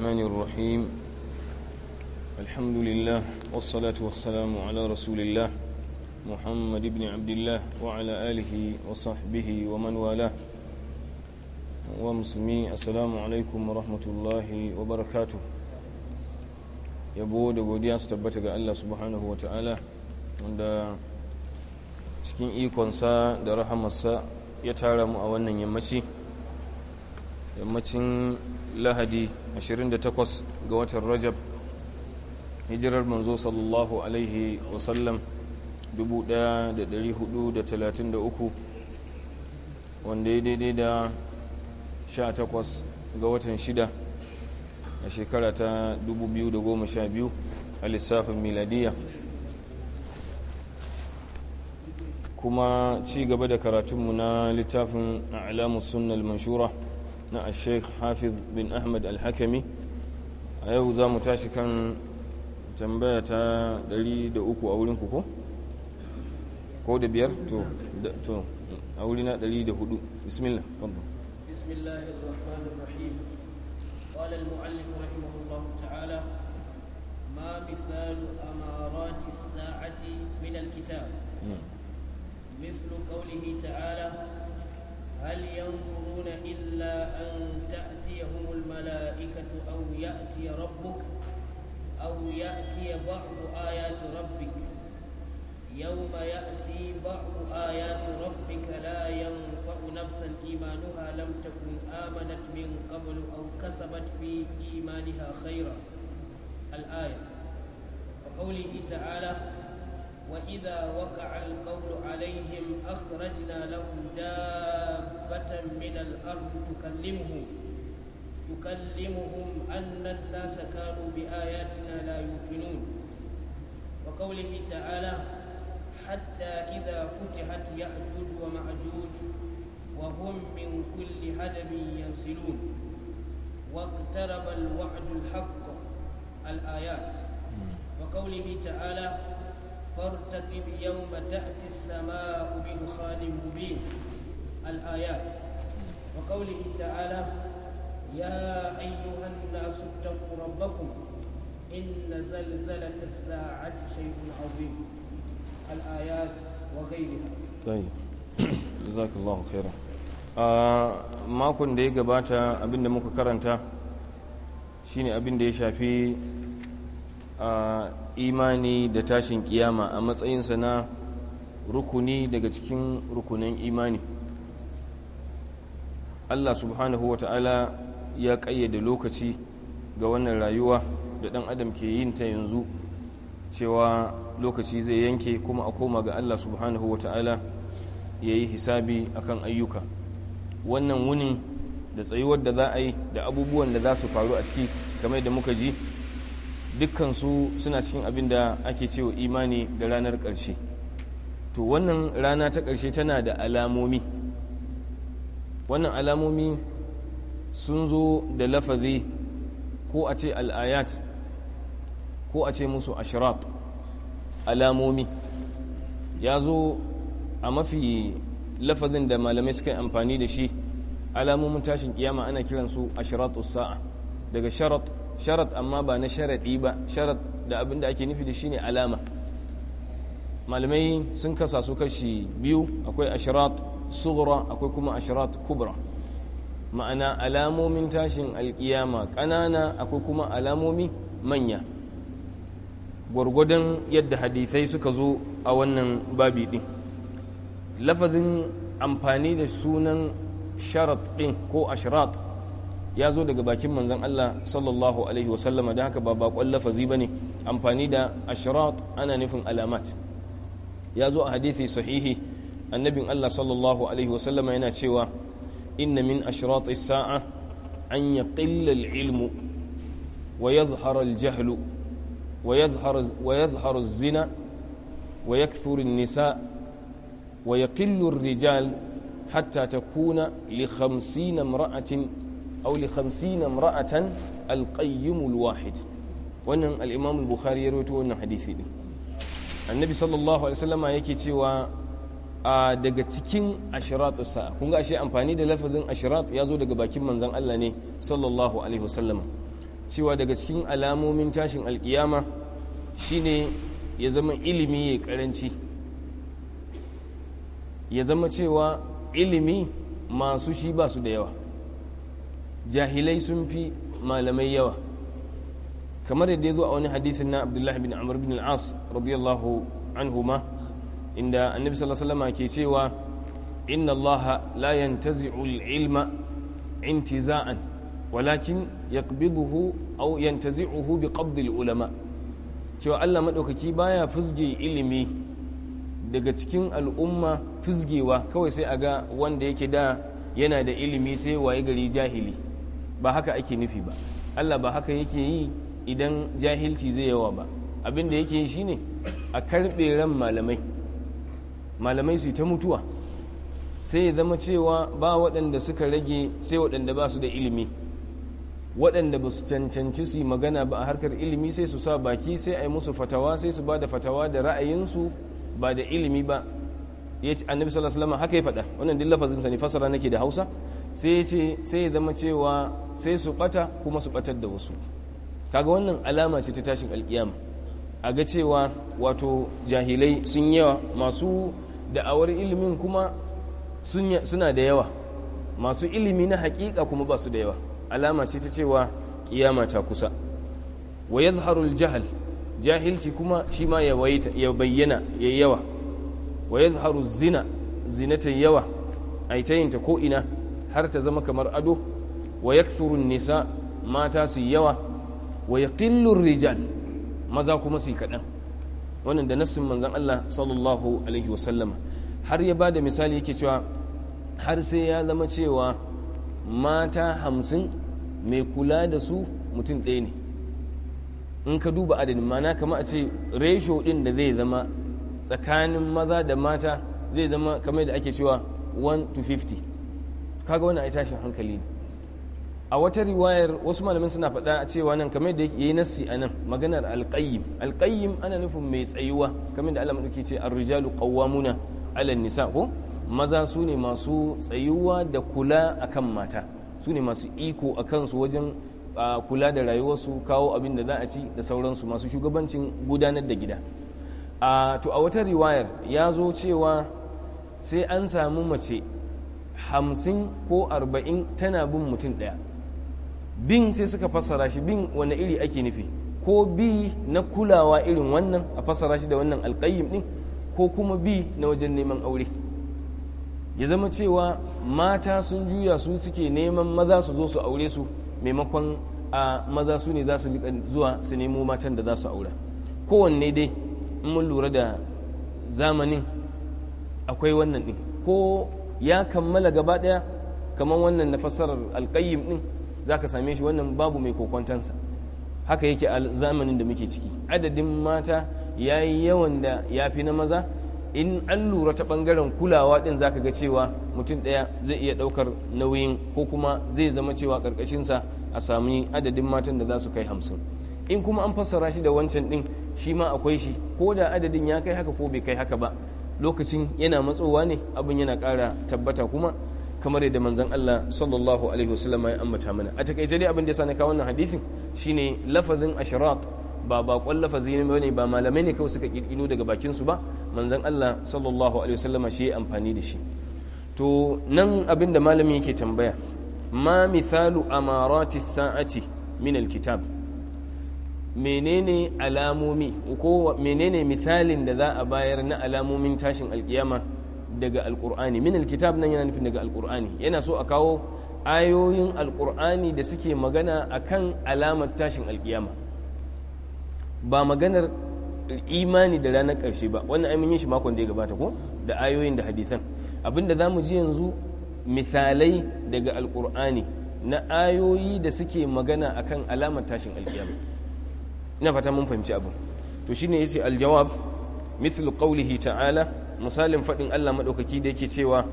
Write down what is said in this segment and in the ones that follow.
الرحمن الرحيم الحمد لله والصلاة والسلام على رسول الله محمد بن عبد الله وعلى آله وصحبه ومن والاه ومسلمي السلام عليكم ورحمة الله وبركاته yabo da godiya su tabbata ga Allah subhanahu wa ta'ala wanda cikin ikonsa da rahamarsa ya tara mu a wannan yammaci yammacin lahadi 28 ga watan rajab hijirar manzo sallallahu alaihi wasallam 1433 wanda ya daidai da 18 ga watan 6 a shekara ta 2012 a lissafin miladiyya kuma ci gaba da karatunmu na littafin a'lamus sunnal manshura na sheikh hafiz bin ahmad alhakami a yau za mu tashi kan tambaya ta 103 a wurin kuku ko da biyar to a wuri na 104 bismillah fadda bismillahir rahmanir rahim qala al mu'allim rahimahullah ta'ala ma mithalu amarat as-sa'ati min al-kitab مثل hmm. قوله ta'ala. هل ينظرون إلا أن تأتيهم الملائكة أو يأتي ربك أو يأتي بعض آيات ربك يوم يأتي بعض آيات ربك لا ينفع نفسا إيمانها لم تكن آمنت من قبل أو كسبت في إيمانها خيرا الآية وقوله تعالى وإذا وقع القول عليهم أخرجنا لهم دابة من الأرض تكلمهم تكلمهم أن الناس كانوا بآياتنا لا يوقنون وقوله تعالى حتى إذا فتحت يأجوج ومأجوج وهم من كل هدم ينسلون واقترب الوعد الحق الآيات وقوله تعالى فارتقب يوم تأتي السماء بدخان مبين الآيات وقوله تعالى يا أيها الناس اتقوا ربكم إن زلزلة الساعة شيء عظيم الآيات وغيرها طيب جزاك الله خيرا makon da ya gabata abinda muka karanta shine abin da ya shafi imani da tashin kiyama a matsayinsa na rukuni daga cikin rukunin imani allah subhanahu wa ta'ala ya ƙayyade lokaci ga wannan rayuwa da ɗan adam ke yin ta yanzu cewa lokaci zai yanke kuma a koma ga allah subhanahu wa ta'ala ya yi hisabi akan ayyuka wannan wunin da tsayuwar da za a yi da abubuwan da za su faru a ciki kamar da muka ji dukkansu suna cikin abin da ake cewa imani da ranar ƙarshe to wannan rana ta ƙarshe tana da alamomi wannan alamomi sun zo da lafazi ko a ce al'ayat ko a ce musu ashirat alamomi ya zo a mafi lafazin da malamai suka amfani da shi alamomin tashin kiyama ana kiransu su sa'a daga sharat sharat amma ba na sharaɗi ba sharat da abin da ake nufi da ne alama malamai sun kasa su kashi biyu akwai ashirat sughra akwai kuma ashirat kubra ma'ana alamomin tashin alkiyama ƙanana akwai kuma alamomi manya gwargwadon yadda hadisai suka zo a wannan babi ɗin lafazin amfani da sunan sharat ɗin ko ashirat ya zo daga bakin manzon Allah sallallahu alaihi wasallama da haka ba bakon lafazi ba ne amfani da ashirat ana nufin alamat ya zo a hadithi sahihi annabin Allah sallallahu alaihi wasallama yana cewa inna min ashirat sa'a an ya ilmu wa yadhhara al-jahlu wa yadhhara zina wa yakthuru an-nisa wa yaqillu rijal hatta takuna li 50 imra'atin aw li 50 imra'atan al-qayyim wahid wannan al bukhari ya rawaito wannan hadisi din annabi sallallahu yake cewa daga cikin ashiratu sa'a kun ga ashe amfani da lafazin ashirat ya zo daga bakin manzon Allah ne sallallahu alaihi cewa daga cikin alamomin tashin alkiyama shine ya zama ilimi ya karanci ya zama cewa ilimi masu shi ba su da yawa jahilai sun fi malamai yawa kamar yadda ya zo a wani hadisin na abdullahi bin amur bin al radiyallahu anhu ma inda annabi sallallahu alaihi wasallam ke cewa inna allaha la yantazi'u al-ilma intiza'an walakin yaqbiduhu aw yantazi'uhu bi qabd al-ulama cewa Allah madaukaki baya fusge ilimi daga cikin al'umma fusgewa kawai sai a ga wanda yake da yana da ilimi sai waye gari jahili ba haka ake nufi ba Allah ba haka yake yi idan jahilci zai yawa ba abin da yake yi shine a karɓe ran malamai malamai su ta mutuwa sai ya zama cewa ba waɗanda suka rage sai waɗanda ba su da ilimi waɗanda ba su cancanci su magana ba a harkar ilimi sai su sa baki sai a yi musu fatawa sai su ba da fatawa da ra'ayinsu ba da ilimi ba ya ce annabi sallallahu alaihi wasallam haka ya faɗa wannan duk lafazin sa ne fasara nake da Hausa sai ya ce sai ya zama cewa sai su bata kuma su batar da wasu kaga wannan alama ce ta tashin alƙiyama a ga cewa wato jahilai sun yawa masu da'awar ilimin kuma suna da yawa masu ilimi na hakika kuma ba su da yawa alama ce ta cewa kiyama ta kusa wa yadharul jahal jahilci kuma shi ma ya bayyana ya yawa wa zaharu zina zinatan yawa ai ta ko har ta zama kamar ado wa yakthuru nisa mata su yawa wa yaqillu rijal maza kuma su yi kaɗan wannan da nassin manzan Allah sallallahu alaihi wasallama har ya ba da misali yake cewa har sai ya zama cewa mata hamsin mai kula da su mutum ɗaya ne in ka duba adadin mana kama a ce resho ɗin da zai zama tsakanin maza da mata zai zama kamar da ake cewa 1 to 50 kaga wannan ai tashin hankali ne a wata riwayar wasu malamin suna faɗa cewa nan kamar da yayi nasi anan maganar alqayyim alqayyim ana nufin mai tsayuwa kamar da Allah madauki ce ar-rijalu qawwamuna 'ala nisa ko maza su ne masu tsayuwa da kula akan mata su ne masu iko a kansu wajen kula da rayuwarsu kawo abin da za a ci da sauransu masu shugabancin gudanar da gida to a wata riwayar ya zo cewa sai an samu mace hamsin ko arba'in tana bin mutum ɗaya bin sai suka fassara shi bin wani iri ake nufi ko bi na kulawa irin wannan a fassara shi da wannan alƙayyim ɗin ko kuma bi na wajen neman aure ya zama cewa mata sun juya su suke neman maza su zo su aure su maimakon a maza su ne za su zuwa su nemo matan da za su aura kowanne dai in mun lura da zamanin akwai wannan ɗin ko ya kammala gaba ɗaya kamar wannan na fassarar alƙayyim ɗin za ka same shi wannan babu mai kokwantansa haka yake a zamanin da muke ciki adadin mata ya yi yawan da ya fi na maza in an lura ta ɓangaren kulawa ɗin za ka ga cewa mutum ɗaya zai iya ɗaukar nauyin ko kuma zai zama cewa ƙarƙashinsa a sami adadin matan da za su kai hamsin in kuma an fassara shi da wancan ɗin shi ma akwai shi ko da adadin ya kai haka ko bai kai haka ba lokacin yana matsowa ne abin yana kara tabbata kuma kamar yadda manzon Allah sallallahu alaihi wasallam ya ambata mana a takaice dai abin da yasa na kawo wannan hadisin shine lafazin ashraq ba bakon lafazi ne bane ba malamai ne kawai suka kirkino daga bakin su ba manzon Allah sallallahu alaihi wasallam shi ya amfani da shi to nan abin da malami yake tambaya ma misalu amarati sa'ati min alkitab menene alamomi ko menene misalin da za a bayar na alamomin tashin alkiyama daga alkur'ani min alkitab nan yana nufin daga alkur'ani yana so a kawo ayoyin alkur'ani da suke magana akan alamar tashin alkiyama ba maganar imani da ranar ƙarshe ba wannan amin yin shi makon da ya gabata ko da ayoyin da hadisan abinda za mu ji yanzu misalai daga alkur'ani na ayoyi da suke magana akan alamar tashin alkiyama ina fata mun fahimci abu to shine yace aljawab mithlu qawlihi ta'ala misalin fadin Allah madaukaki da yake cewa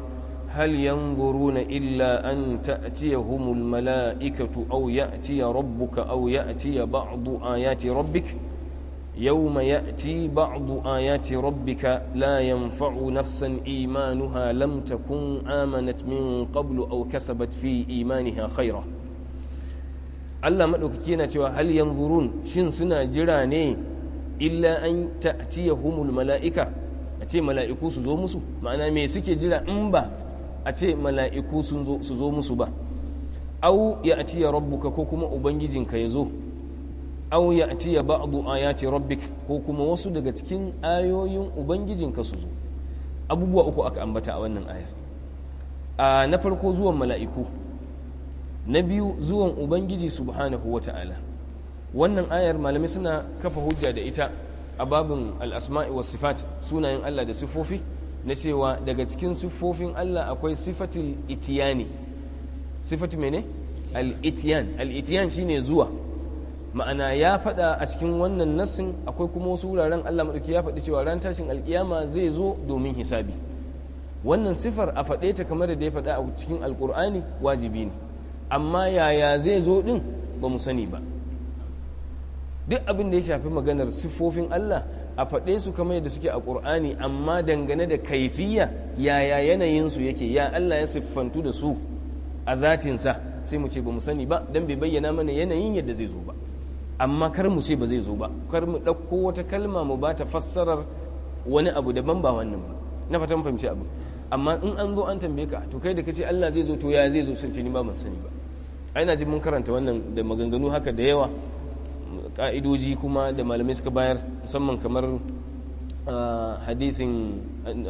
hal yanzuruna illa an ta'tiyahumul mala'ikatu aw ya'tiya rabbuka aw ya'tiya ba'du ayati rabbik يوم يأتي بعض آيات ربك لا ينفع نفسا إيمانها لم تكن آمنت من قبل أو كسبت في إيمانها خيرًا Allah maɗaukaki yana cewa hal yanzurun shin suna jira ne illa an humul mala'ika a ce mala'iku su zo musu ma'ana me suke jira in ba a ce mala'iku su zo musu ba au ya atiya rabbuka ko kuma ubangijinka ya zo au ya atiya ba'du ayati rabbik ko kuma wasu daga cikin ayoyin ubangijinka su zo abubuwa uku aka ambata a wannan ayar a na farko zuwan mala'iku na biyu zuwan ubangiji subhanahu wa ta'ala wannan ayar malamai suna kafa hujja da ita a babin al'asma'i wa sifat sunayen Allah da sifofi na cewa daga cikin sifofin Allah akwai sifatil itiyani sifati mene al-itiyan al-itiyan shine zuwa ma'ana ya faɗa a cikin wannan nassin akwai kuma wasu wuraren Allah maɗauki ya faɗi cewa ran tashin alkiyama zai zo domin hisabi wannan sifar a faɗe ta kamar da ya faɗa a cikin alkur'ani wajibi ne amma yaya zai zo ɗin ba mu sani ba duk abin da ya shafi maganar siffofin Allah a faɗe su kamar yadda suke a ƙur'ani amma dangane da kaifiya yaya yanayinsu yake ya Allah ya siffantu da su a zatinsa sai mu ce ba mu sani ba don bai bayyana mana yanayin yadda zai zo ba amma kar mu ce ba zai zo ba kar mu ɗauko wata kalma mu ba ta fassarar wani abu daban ba wannan ba na fatan fahimci abu amma in an zo an tambaye ka to kai da kace Allah zai zo to ya zai zo sun ce ni ba mu sani ba ai na ji mun karanta wannan da maganganu haka da yawa ka'idoji kuma da malamai suka bayar musamman kamar hadithin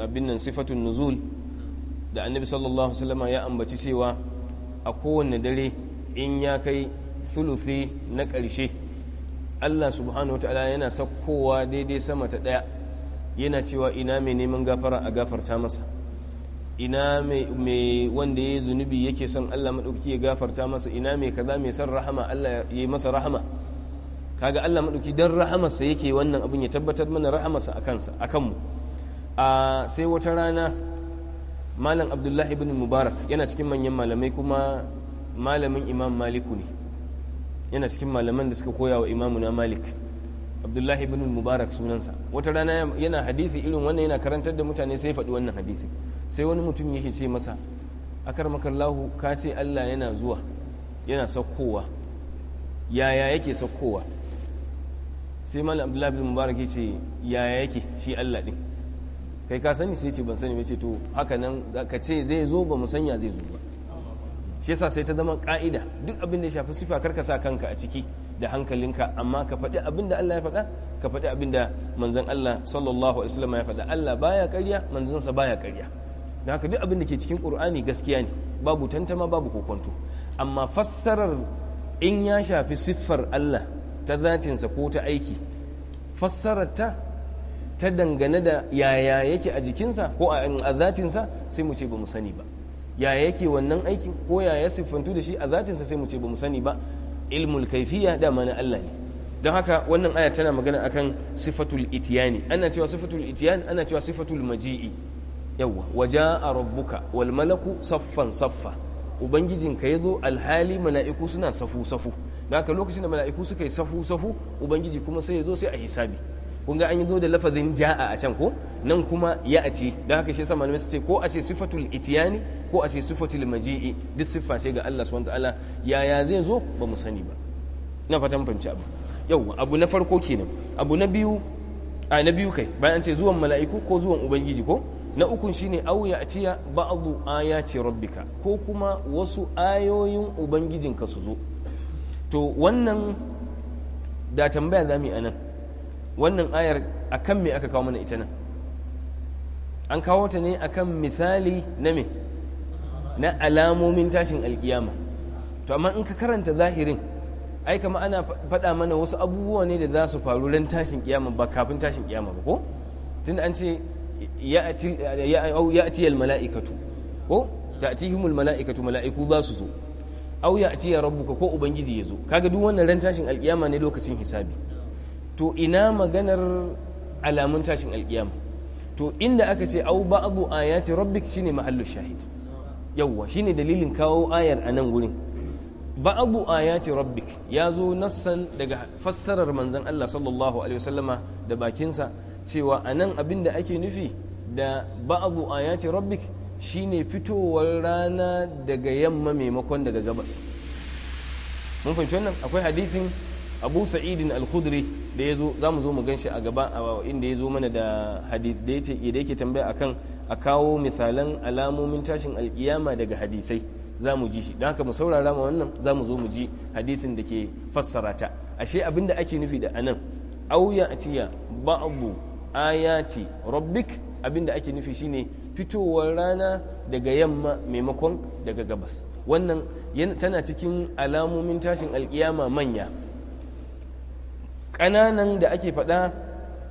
abin nan sifatun nuzul da annabi sallallahu alaihi ya ambaci cewa a kowane dare in ya kai thuluthi na ƙarshe allah subhanahu wa ta'ala yana saukowa daidai sama ta ɗaya yana cewa ina mai neman gafara a gafarta masa ina mai wanda ya zunubi yake son Allah maɗauki ya gafarta masa ina mai kaza mai son rahama Allah ya yi masa rahama kaga Allah maɗauki don rahamarsa yake wannan abin ya tabbatar mana rahamarsa a kansa a kanmu a sai wata rana malam abdullahi ibn mubarak yana cikin manyan malamai kuma malamin imam maliku ne yana cikin malaman da suka koya wa imamu na malik abdullahi ibn mubarak sunansa wata rana yana hadisi irin wannan yana karantar da mutane sai faɗi wannan hadisi sai wani mutum yake ce masa akar makallahu ka ce allah yana zuwa yana saukowa yaya yake saukowa sai malam abdullahi ibn mubarak ce yaya yake shi allah din kai ka sani sai ce ban sani ce to haka nan ka ce zai zo ba mu sanya zai zo ba shi yasa sai ta zama ka'ida duk abin da ya shafi sifa ka sa kanka a ciki da hankalinka amma ka faɗi abin da Allah ya faɗa ka faɗi abin da manzon Allah sallallahu alaihi wasallam ya faɗa Allah baya ƙarya manzansa baya ƙarya don haka duk abin da ke cikin Qur'ani gaskiya ne babu tantama babu kokonto amma fassarar in ya shafi siffar Allah ta zatinsa ko ta aiki fassarar ta ta dangane da yaya yake a jikinsa ko a zatinsa sai mu ce ba mu sani ba yaya yake wannan aikin ko yaya siffantu da shi a zatinsa sai mu ce ba mu sani ba ilmul kaifiya dama na Allah ne don haka wannan aya tana magana akan sifatul itiyani ana cewa sifatul itiyani ana cewa sifatul maji'i yawwa a rabbuka wal malaku saffan saffa ubangijinka zo alhali mala'iku suna safu safu don haka lokacin da mala'iku suka yi safu safu ubangiji kuma sai ya zo sai a hisabi kun ga an yi zo da lafazin ja'a a can ko nan kuma ya ci don haka shi sama malamai ce ko a ce sifatul itiyani ko a ce sifatul maji'i duk siffa ce ga Allah subhanahu wataala yaya zai zo ba mu sani ba na fatan fahimci abu yauwa abu na farko kenan abu na biyu a na biyu kai bayan ce zuwan mala'iku ko zuwan ubangiji ko na ukun shine au ya atiya ba'du ayati rabbika ko kuma wasu ayoyin ubangijinka su zo to wannan da tambaya zamu yi anan wannan ayar akan me aka kawo mana ita nan an kawo ta ne akan misali na me na alamomin tashin alkiyama to amma in ka karanta zahirin ai kama ana faɗa mana wasu abubuwa ne da za su faru ran tashin kiyama ba kafin tashin kiyama ba ko tunda an ce ya'ti al mala'ikatu ko ta'tihimul mala'ikatu mala'iku za su zo au ya'ti rabbuka ko ubangiji ya zo kaga duk wannan ran tashin alkiyama ne lokacin hisabi to ina maganar alamun tashin alkiyama to inda aka ce au ba'du ayati rabbik shine mahallu shahid yawwa shine dalilin kawo ayar a nan gurin ba'du ayati rabbik ya zo nassan daga fassarar manzon Allah sallallahu alaihi wasallama da bakinsa cewa a nan abinda ake nufi da ba'du ayati rabbik shine fitowar rana daga yamma maimakon daga gabas mun fahimci wannan akwai hadisin abu sa'idin al-khudri da ya zo za mu zo mu gan shi a gaba inda ya zo mana da hadith da yake tambaya akan a kawo misalan alamomin tashin alkiyama daga hadisai za mu ji shi don haka mu saurara ma wannan za mu zo mu ji hadisin da ke fassara ta ashe abin da ake nufi da anan auya atiya ba'du ayati rabbik abin da ake nufi shine fitowar rana daga yamma maimakon daga gabas wannan tana cikin alamomin tashin alkiyama manya ƙananan da ake faɗa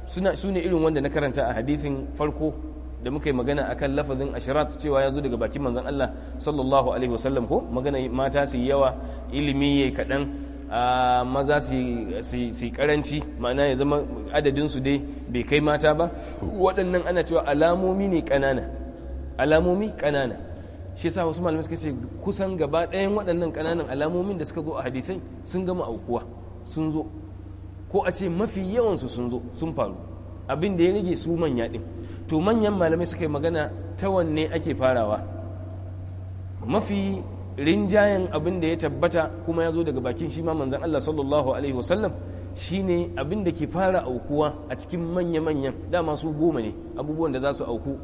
suna su irin wanda na karanta a hadithin farko da muka yi magana akan lafazin ashirat cewa ya zo daga bakin manzan Allah sallallahu alaihi wasallam ko magana mata su yawa ilimi ya kaɗan maza su karanci ma'ana ya zama adadin dai bai kai mata ba waɗannan ana cewa alamomi ne ƙanana alamomi ƙanana shi sa wasu malamai suka ce kusan gaba ɗayan waɗannan ƙananan alamomin da suka zo a hadisai sun gama aukuwa sun zo ko a ce mafi yawansu sun zo sun faru abin da ya rage su manya din to manyan malamai suka yi magana ta wanne ake farawa mafi rinjayen abin da ya tabbata kuma ya zo daga bakin shi ma manzan Allah sallallahu alaihi wasallam shine abin da ke fara aukuwa a cikin manya-manyan dama su goma ne abubuwan da za su auku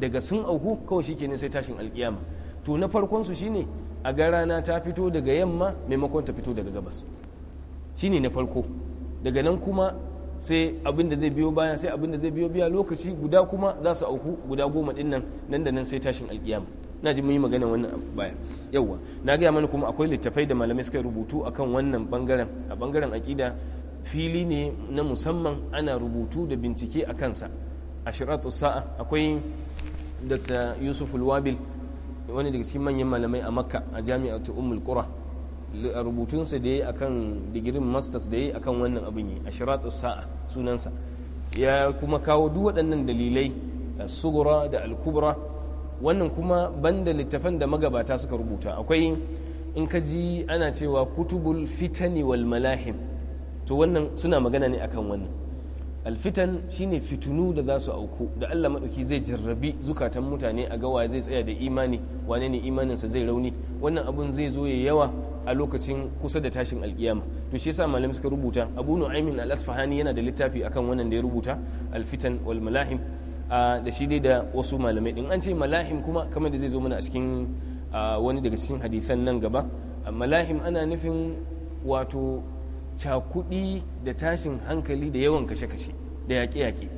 daga sun auku kawai shi sai tashin alkiyama to na farkon su shine a ga rana ta fito daga yamma maimakon ta fito daga gabas shine na farko daga nan kuma sai abin da zai biyo bayan sai abin da zai biyo biya lokaci guda kuma za su auku guda goma din nan nan da nan sai tashin alkiyama na ji mun yi magana wannan baya yauwa na gaya mana kuma akwai littafai da malamai suka rubutu akan wannan bangaren a bangaren aƙida fili ne na musamman ana rubutu da bincike a kansa a shiratu sa'a akwai dr yusuf luwabil wani daga cikin manyan malamai a makka a jami'atu ummul qura rubutunsa da ya yi a kan digirin masters da ya yi a kan wannan abin yi a shiratu sa'a sunansa ya kuma kawo duk waɗannan dalilai sugura da alkubra wannan kuma banda littafan da magabata suka rubuta akwai in ka ji ana cewa kutubul fitani wal malahim to wannan suna magana ne akan wannan alfitan shine fitunu da za su auku da allah maɗauki zai jarrabi zukatan mutane a gawa zai tsaya da imani wane ne imaninsa zai rauni wannan abun zai zo ya yawa a lokacin kusa da tashin alkiyama to shi yasa malam suka rubuta abu nu'aymin al-asfahani yana da littafi akan wannan da ya rubuta al-fitan wal malahim da shi dai da wasu malamai din an ce malahim kuma kamar da zai zo mana a cikin wani daga cikin hadisan nan gaba malahim ana nufin wato cakudi da tashin hankali da yawan kashe-kashe da yaƙe-yaƙe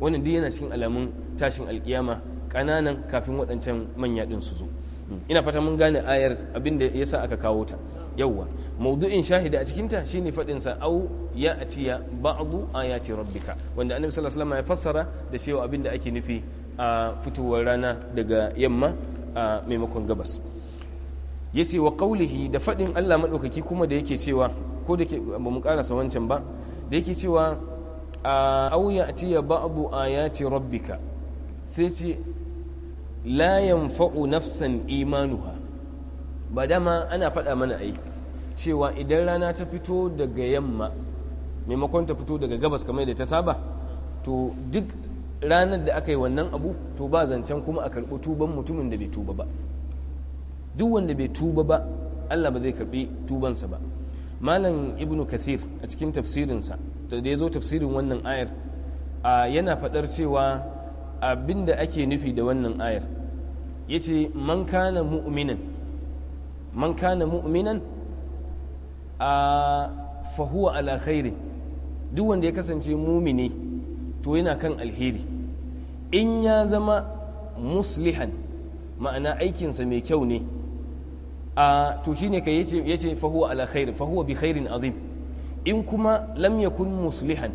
wannan duk yana cikin alamun tashin alkiyama ƙananan kafin waɗancan manya ɗin su zo ina fata mun gane ayar abinda ya sa aka kawo ta yawwa maudu'in shahida a cikinta ta shine faɗinsa au ya atiya ba'du ayati rabbika wanda annabi sallallahu alaihi wasallam ya fassara da cewa abin da ake nufi a fitowar rana daga yamma a maimakon gabas yace wa qaulihi da faɗin Allah madaukaki kuma da yake cewa ko da ke ba mu karasa wancan ba da yake cewa au ya atiya ba'du ayati rabbika sai ce la yanfa'u nafsan imanuha ba dama ana faɗa mana ai cewa idan rana ta fito daga yamma maimakon ta fito daga gabas kamar da ta saba to duk ranar da aka yi wannan abu to ba zancen kuma a karɓi tuban mutumin da bai tuba ba duk wanda bai tuba ba Allah ba zai karɓi tubansa ba malam ibnu kathir a cikin tafsirinsa da ya zo tafsirin wannan ayar yana faɗar cewa abinda ake nufi da wannan ayar yace man kana mu'minan man kana mu'minan a fahuwa ala duk wanda ya kasance mumini to yana kan alheri in ya zama muslihan ma'ana aikinsa mai kyau ne a to shine ka yace ce fahuwa ala fahuwa bi khairin azim in kuma lam yakun muslihan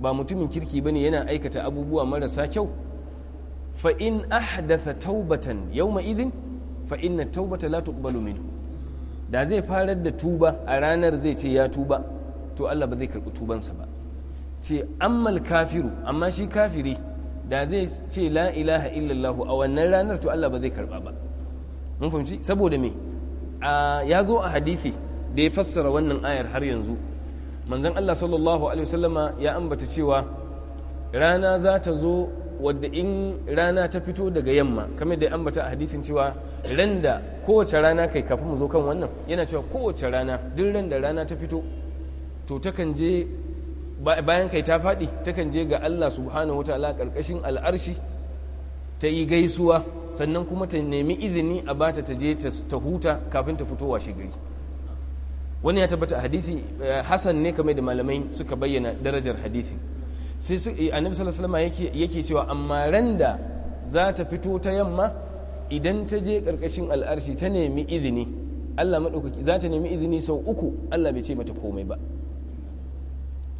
ba mutumin kirki bane yana aikata abubuwa marasa kyau fa in ahdatha taubatan yawma idhin fa inna taubata la tuqbalu da zai farar da tuba a ranar zai ce ya tuba to Allah ba zai karɓi tubansa ba ce ammal kafiru amma shi kafiri da zai ce la ilaha illallahu a wannan ranar to Allah ba zai karɓa ba mun fahimci saboda me ya zo a hadisi da ya fassara wannan ayar har yanzu manzon Allah sallallahu alaihi wasallama ya ambata cewa rana za ta zo wadda in rana ta fito daga yamma kamar da ambata a hadisin cewa ran da kowace rana kai kafin mu zo kan wannan yana cewa kowace rana duk ran da rana ta fito to takan je bayan kai ta faɗi takan je ga Allah subhanahu wataala karkashin al'arshi ta yi gaisuwa sannan kuma ta nemi izini a bata ta je ta huta kafin ta fitowa shi gari wani ya tabbata a hadisi eh, hasan ne kamar da malamai suka bayyana darajar hadisi sai su eh, annabi sallallahu alaihi yake cewa amma randa za ta fito ta yamma idan ta je karkashin al'arshi ta nemi izini Allah madaukaki za ta nemi izini sau uku Allah bai ce mata komai ba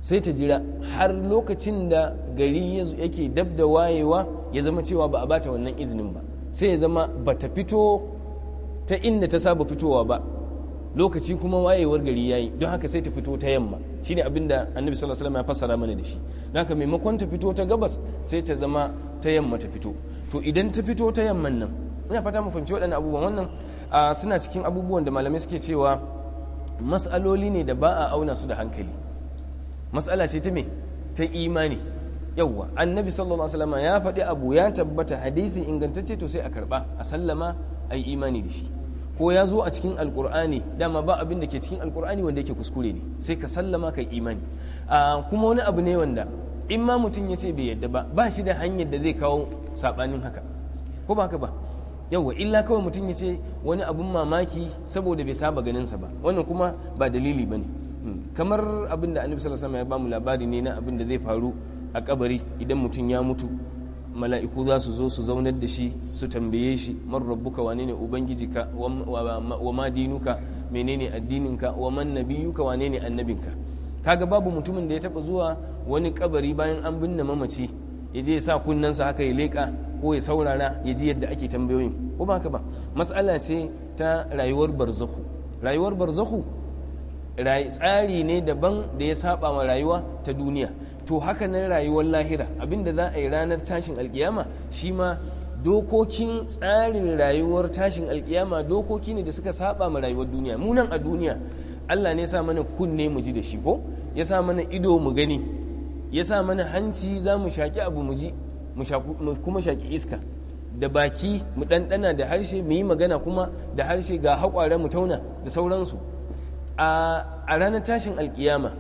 sai ta jira har lokacin da gari yake dab da wayewa ya zama cewa ba a bata wannan izinin ba sai ya zama ba ta fito ta inda ta saba fitowa ba lokaci kuma wayewar gari yayi don haka sai ta fito ta yamma shine abin da annabi sallallahu alaihi wasallam ya fassara mana da shi don haka maimakon ta fito ta gabas sai ta zama ta yamma ta fito to idan ta fito ta yamman nan ina fata mu fahimci waɗannan abubuwan wannan suna cikin abubuwan da malamai suke cewa mas'aloli ne da ba a auna su da hankali mas'ala ce ta me ta imani yawwa annabi sallallahu alaihi wasallam ya faɗi abu ya tabbata hadisi ingantacce to sai a karba a sallama ai imani da shi ko ya zo a cikin alkur'ani dama ba abin da ke cikin alkur'ani wanda yake kuskure ne sai ka sallama kai imani kuma wani abu ne wanda in ma mutum ya ce bai yadda ba ba shi da hanyar da zai kawo sabanin haka ko ba haka ba yawwa illa kawai mutum ya ce wani abun mamaki saboda bai saba ganinsa ba wannan kuma ba dalili ba ne hmm, kamar abin da annabi sallallahu alaihi wasallam ya bamu labari ne na abin da zai faru a kabari idan mutum ya mutu mala'iku za su zo su zaunar da shi su tambaye shi man rabbuka wane ne ubangijika wa ma dinuka menene addininka wa man nabiyuka wane ne annabinka kaga babu mutumin da ya taba zuwa wani kabari bayan an binne mamaci ya je ya sa kunnensa haka ya leka ko ya saurara ya ji yadda ake tambayoyin ko ba haka ba matsala ce ta rayuwar barzahu rayuwar barzahu tsari ne daban da ya saba ma rayuwa ta duniya to haka nan rayuwar lahira abinda za a yi ranar tashin alkiyama shi ma dokokin tsarin rayuwar tashin alkiyama dokoki ne da suka saba ma rayuwar duniya mu nan a duniya Allah ne ya sa mana kunne mu ji da shi ko ya sa mana ido mu gani ya sa mana hanci za mu shaki abu mu ji kuma shaki iska da baki mu ɗanɗana da harshe mu yi magana kuma da harshe ga haƙware mu tauna da sauransu a ranar tashin alkiyama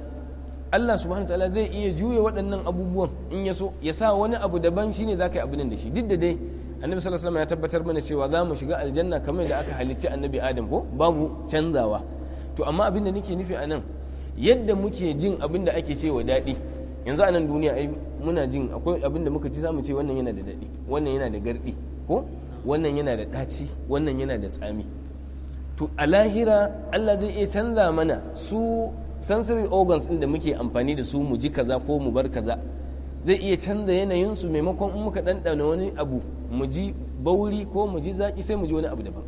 Allah subhanahu wa ta'ala zai iya juya waɗannan abubuwan in ya so ya sa wani abu daban shine za ka yi abin da shi duk da dai annabi sallallahu alaihi ya tabbatar mana cewa za mu shiga aljanna kamar da aka halicci annabi adam ko babu canzawa to amma abin da nake nufi a nan yadda muke jin abin da ake cewa daɗi yanzu a nan duniya ai muna jin akwai abin da muka ci za mu ce wannan yana da daɗi wannan yana da garɗi ko wannan yana da ɗaci wannan yana da tsami to a lahira Allah zai iya canza mana su sensory organs ɗin da muke amfani da su mu ji kaza ko mu bar kaza zai iya canza yanayin yanayinsu maimakon in muka ɗanɗana wani abu mu ji bauri ko mu ji zaƙi sai mu ji wani abu daban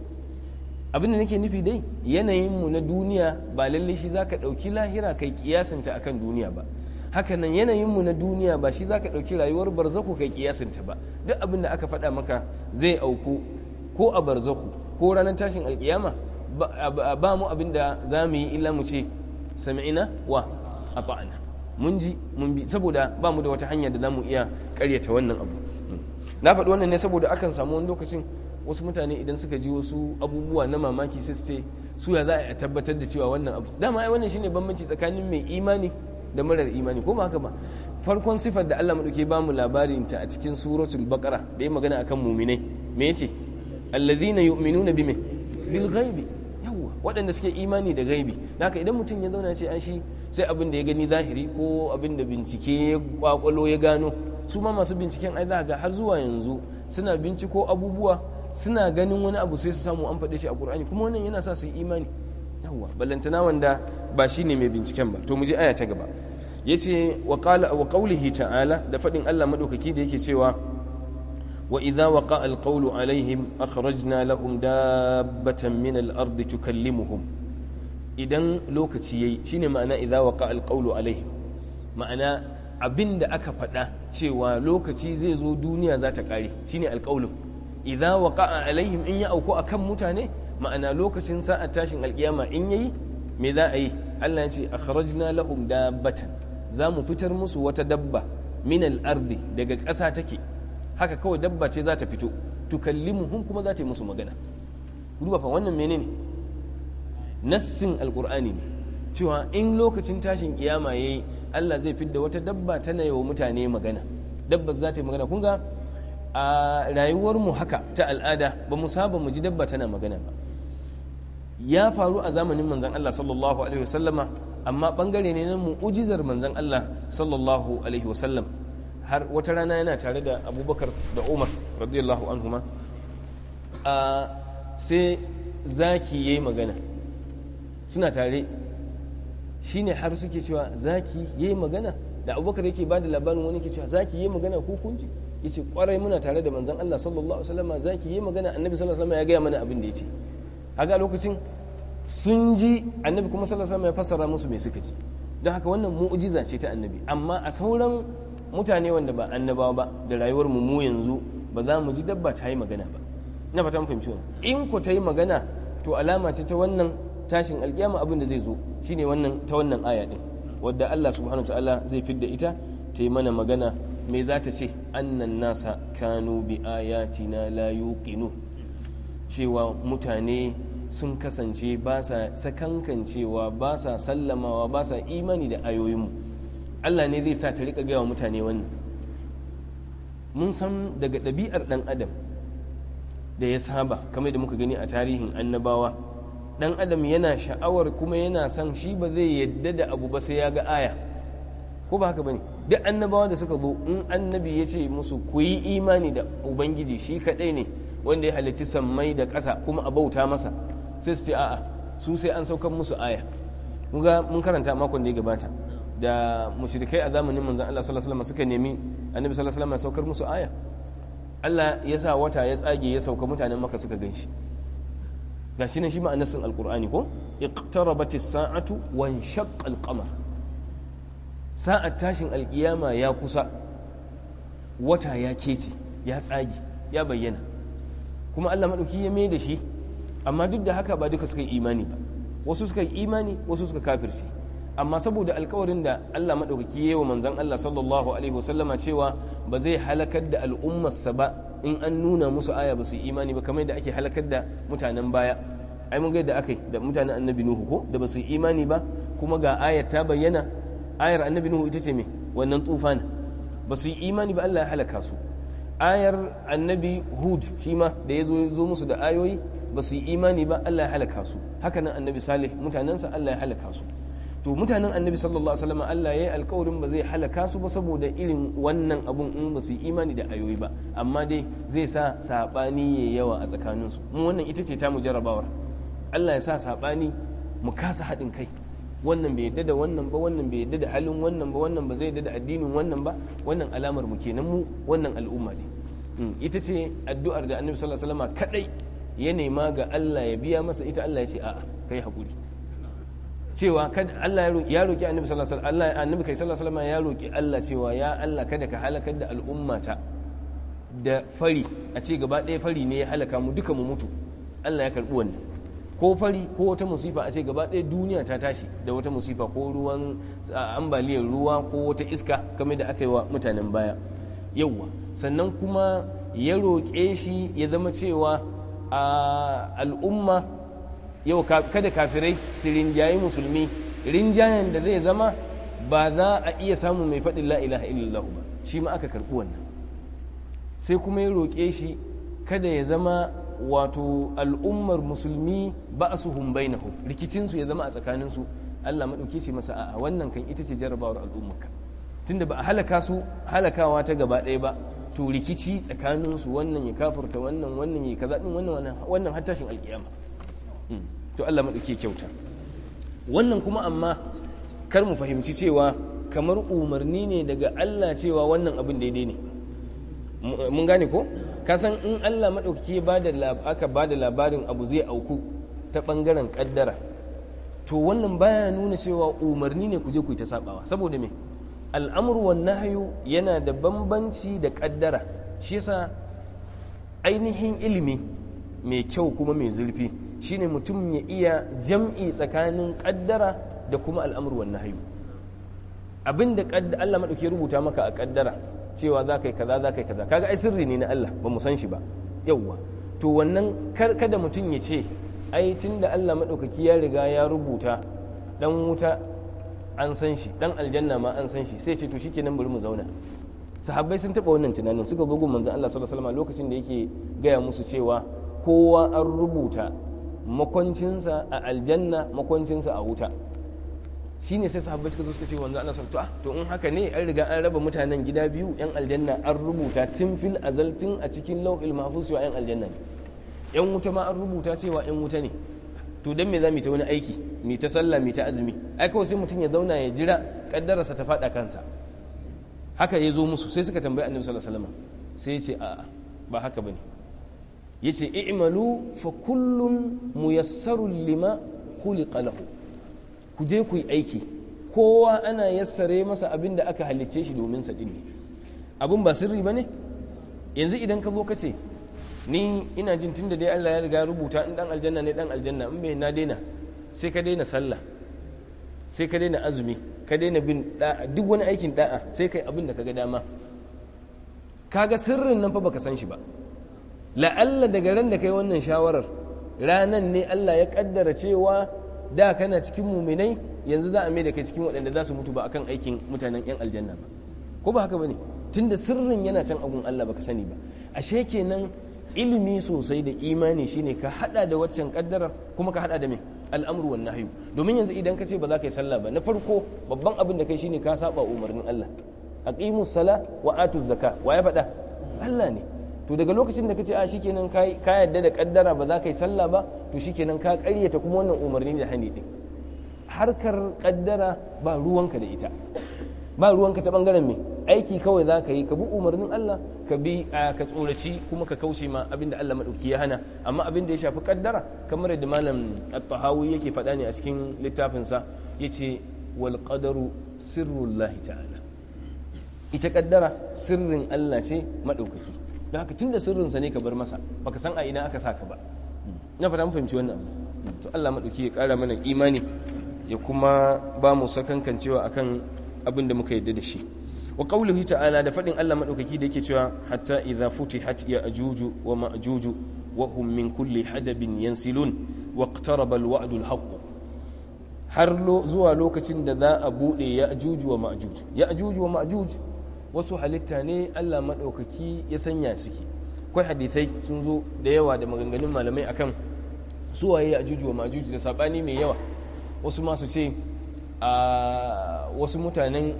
abin da nake nufi dai yanayin mu na duniya ba lallai shi za ka ɗauki lahira kai kiyasinta akan duniya ba hakanan mu na duniya ba shi zaka ka ɗauki rayuwar barzaku kai kiyasinta ba duk abin da aka faɗa maka zai auku ko a barzaku ko ranar tashin alkiyama ba mu abin da za mu yi illa mu ce sami'ina wa ata'na mun ji mun bi saboda ba mu da wata hanya da zamu iya karyata wannan abu hmm. na faɗi wannan ne saboda akan samu wani lokacin wasu mutane idan suka ji wasu abubuwa na mamaki sai su ce su ya za a tabbatar da cewa wannan abu dama ai wannan shine bambanci tsakanin mai imani da marar imani ko ba haka ba farkon sifar da Allah madauke ba mu labarin ta a cikin suratul bakara da ya magana akan muminai me yace allazina yu'minuna bima bil ghaibi waɗanda suke imani da gaibi naka idan mutum ya zauna ce an shi sai abin da ya gani zahiri ko abin da bincike ya kwakwalo ya gano su ma masu binciken ai ga har zuwa yanzu suna binciko abubuwa suna ganin wani abu sai su samu an faɗe shi a ƙur'ani kuma wannan yana sa su yi imani yawwa ballantana wanda ba shi ne mai binciken ba to mu je aya ta gaba yace wa qala wa qawlihi ta'ala da faɗin Allah madaukaki da yake cewa وإذا وقع القول عليهم أخرجنا لهم دابة من الأرض تكلمهم إذن لوكتي شنو معنى إذا وقع القول عليهم معنى abin da aka faɗa cewa lokaci zai zo duniya za ta ƙare shine alƙaulin idza waqa'a alaihim in ya auku akan mutane ma'ana lokacin sa'a tashin alƙiyama in yayi me za a yi Allah ya ce akhrajna lahum dabbatan za mu fitar musu wata dabba min al-ardi daga ƙasa take haka kawai dabba ce za ta fito tukallimuhum kuma za ta yi musu magana duba fa wannan menene nassin alqur'ani ne cewa in lokacin tashin kiyama yayi Allah zai fidda wata dabba tana yi wa mutane magana dabba za ta yi magana kun ga a rayuwar mu haka ta al'ada ba mu saba mu ji dabba tana magana ba ya faru a zamanin manzon Allah sallallahu alaihi wasallama amma bangare ne na mu'ujizar manzon Allah sallallahu alaihi wasallam har wata rana yana tare da abubakar da umar radiyallahu anhuma a sai zaki ya yi magana suna tare shi ne har suke cewa zaki ya yi magana da abubakar yake ba da labarin wani ke cewa zaki ya yi magana ko kunji ce kwarai muna tare da manzan Allah sallallahu alaihi wasallam zaki yi magana annabi sallallahu alaihi ya gaya mana abin da ya yace kaga lokacin sun ji annabi kuma sallallahu alaihi ya fassara musu me suka ci don haka wannan mu'ujiza ce ta annabi amma a sauran mutane wanda ba annabawa ba da rayuwar mu mu yanzu ba za mu ji dabba ta yi magana ba na fatan fahimci wannan in ku ta yi magana to alama ce ta wannan tashin alkiyama abin da zai zo shine wannan ta wannan aya din wadda Allah subhanahu ta'ala zai fidda ita ta yi mana magana me za ta ce annan nasa kanu bi ayatina la yuqinu cewa mutane sun kasance ba sa sakankancewa ba sa sallamawa ba sa imani da ayoyinmu Allah ne zai sa ta rika gaya wa mutane wannan mun san daga ɗabi'ar ɗan adam da ya saba kamar da muka gani a tarihin annabawa ɗan adam yana sha'awar kuma yana son shi ba zai yadda da abu ba sai ya ga aya ko ba haka bane duk annabawa da suka zo in annabi ya ce musu ku yi imani da ubangiji shi kaɗai ne wanda ya halarci sammai da ƙasa kuma a bauta masa sai su ce a'a su sai an saukar musu aya mun karanta makon da ya gabata da mushrikai a zamanin manzon Allah sallallahu alaihi suka nemi annabi sallallahu alaihi ya saukar musu aya Allah ya sa wata ya tsage ya sauka mutanen maka suka ganshi shi nan shi ma'anar sun alqur'ani ko iqtarabat as-sa'atu wa inshaqqa al-qamar sa'at tashin alkiyama ya kusa wata ya kece ya tsage ya bayyana kuma Allah madauki ya mai da shi amma duk da haka ba duka suka yi imani ba wasu suka yi imani wasu suka kafirce amma saboda alkawarin da Allah maɗaukaki ya wa manzon Allah sallallahu alaihi wasallama cewa ba zai halakar da al'ummarsa ba in an nuna musu aya ba su imani ba kamar da ake halakar da mutanen baya ai mun ga da akai da mutanen annabi nuhu ko da ba su imani ba kuma ga ayar ta bayyana ayar annabi nuhu ita ce me wannan tufana ba su imani ba Allah ya halaka su ayar annabi hud shi ma da ya zo musu da ayoyi ba su imani ba Allah ya halaka su haka nan annabi salih mutanensa Allah ya halaka su to mutanen annabi sallallahu alaihi wasallam Allah yayi alƙawarin ba zai halaka su ba saboda irin wannan abun in ba su imani da ayoyi ba amma dai zai sa sabani ya yawa a tsakanin su mu wannan ita ce ta mu jarabawar Allah ya sa sabani mu kasa haɗin kai wannan bai yadda da wannan ba wannan bai yadda da halin wannan ba wannan ba zai yadda da addinin wannan ba wannan alamar mu kenan mu wannan al'umma ne hmm, ita ce addu'ar da annabi sallallahu alaihi wasallam kadai ya nema ga Allah ya biya masa ita Allah ya ce a'a kai hakuri cewa kada Allah ya roki annabi sallallahu alaihi wasallam kai sallallahu alaihi ya roki Allah cewa ya Allah kada ka halakar da al'ummata da fari a ce gaba ɗaya fari ne ya halaka mu duka mu mutu Allah ya karbi wannan ko fari ko wata musifa a ce gaba ɗaya duniya ta tashi da wata musifa ko ruwan ambaliyar ruwa ko wata iska kamar da aka yi wa mutanen baya yauwa sannan kuma ya roƙe shi ya zama cewa al'umma yau kada kafirai su rinjayi musulmi rinjayen da zai zama ba za a iya samun mai faɗin la ilaha illallah ba shi ma aka karɓi wannan sai kuma ya roƙe shi kada ya zama wato al'ummar musulmi ba su humbainahu rikicinsu ya zama a tsakaninsu Allah maɗauki ce masa a wannan kan ita ce jarrabawar al'ummarka tunda ba a halaka su halakawa ta gaba ɗaya ba to rikici tsakaninsu wannan ya kafurta wannan wannan ya kaza ɗin wannan wannan har tashin alƙiyama Hmm. to Allah maɗauki kyauta wannan kuma amma kar mu fahimci cewa kamar umarni ne daga Allah cewa wannan abin daidai ne mun gane ko ka san in Allah maɗauki aka ba da labarin abu zai auku ta ɓangaren ƙaddara to wannan baya nuna cewa umarni ne ku je ku yi ta sabawa saboda me al'amru wan nahyu yana da bambanci da ƙaddara shi yasa ainihin ilimi mai kyau kuma mai zurfi shine mutum ya iya jam'i tsakanin kaddara da kuma al'amur wan nahyu abinda Allah maɗauki rubuta maka a kaddara cewa za ka yi kaza za ka yi kaza kaga ai sirri ne na Allah ba mu san shi ba yawwa to wannan kada mutum ya ce ai tun da Allah maɗaukaki ya riga ya rubuta dan wuta an san shi dan aljanna ma an san shi sai ce to nan bari mu zauna sahabbai sun taɓa wannan tunanin suka zo gun Allah sallallahu alaihi wasallam lokacin da yake gaya musu cewa kowa an rubuta makwancinsa a aljanna makwancinsa a wuta shi ne sai sahabbai suka zo suka ce wanzu ana sartu to in haka ne an riga an raba mutanen gida biyu yan aljanna an rubuta tun fil tun a cikin lau'il mahfuz cewa yan aljanna ne yan wuta ma an rubuta cewa yan wuta ne to dan me za mu ta wani aiki mu ta sallah mu ta azumi ai kawai sai mutum ya zauna ya jira kaddararsa ta faɗa kansa haka ya zo musu sai suka tambayi annabi sallallahu alaihi wasallam sai ya ce a'a ba haka bane yace i'malu fa kullun muyassarun lima khuliqa lahu ku je ku yi aiki kowa ana yassare masa abin da aka halicce shi domin sa ne abin ba sirri ne? yanzu idan ka zo ka ce ni ina jin tunda dai Allah ya riga rubuta in dan aljanna ne dan aljanna in bai na daina sai ka daina sallah sai ka daina azumi ka daina bin da'a duk wani aikin da'a sai kai abin da ka ga dama ka ga sirrin nan fa baka san shi ba la'alla daga ran da kai wannan shawarar ranan ne Allah ya kaddara cewa da kana cikin muminai yanzu za a mai da kai cikin waɗanda za su mutu ba akan aikin mutanen 'yan aljanna ba ko ba haka ba ne tunda sirrin yana can agun Allah baka sani ba ashe kenan ilimi sosai da imani shine ka hada da waccan kaddarar kuma ka hada da me al'amru wan nahyu domin yanzu idan ka ce ba za ka yi sallah ba na farko babban abin da kai shine ka saba umarnin Allah aqimus sala wa atuz zaka wa ya faɗa Allah ne to daga lokacin da kace a shikenan ka yadda da kaddara ba za ka yi sallah ba to shikenan ka karyata kuma wannan umarni da hani din harkar kaddara ba ruwanka da ita ba ruwanka ta bangaren me aiki kawai za ka yi ka bi umarnin Allah ka bi ka tsoraci kuma ka kauce ma abinda Allah madauki ya hana amma abinda ya shafi kaddara kamar da malam at-tahawi yake faɗa ne a cikin littafin sa yace wal qadaru sirrullahi ta'ala ita kaddara sirrin Allah ce madaukaki da haka da sirrinsa ne ka bar masa baka san a ina aka saka ba na fata mun fahimci wannan to Allah madauki ya kara mana imani ya kuma ba mu sakankancewa akan abin da muka yarda da shi wa qawlihi ta'ala da fadin Allah madaukaki da yake cewa hatta idza futihat ya ajuju wa ma'juju wa hum min kulli hadabin yansilun waqtaraba alwa'du alhaqq har zuwa lokacin da za a bude ya ajuju wa ma'juju ya ajuju wa ma'juju wasu halitta ne Allah maɗaukaki ya sanya suke akwai hadisai sun zo da yawa da maganganun malamai akan suwaye a juju wa majuji da sabani mai yawa wasu masu ce a ah, wasu mutanen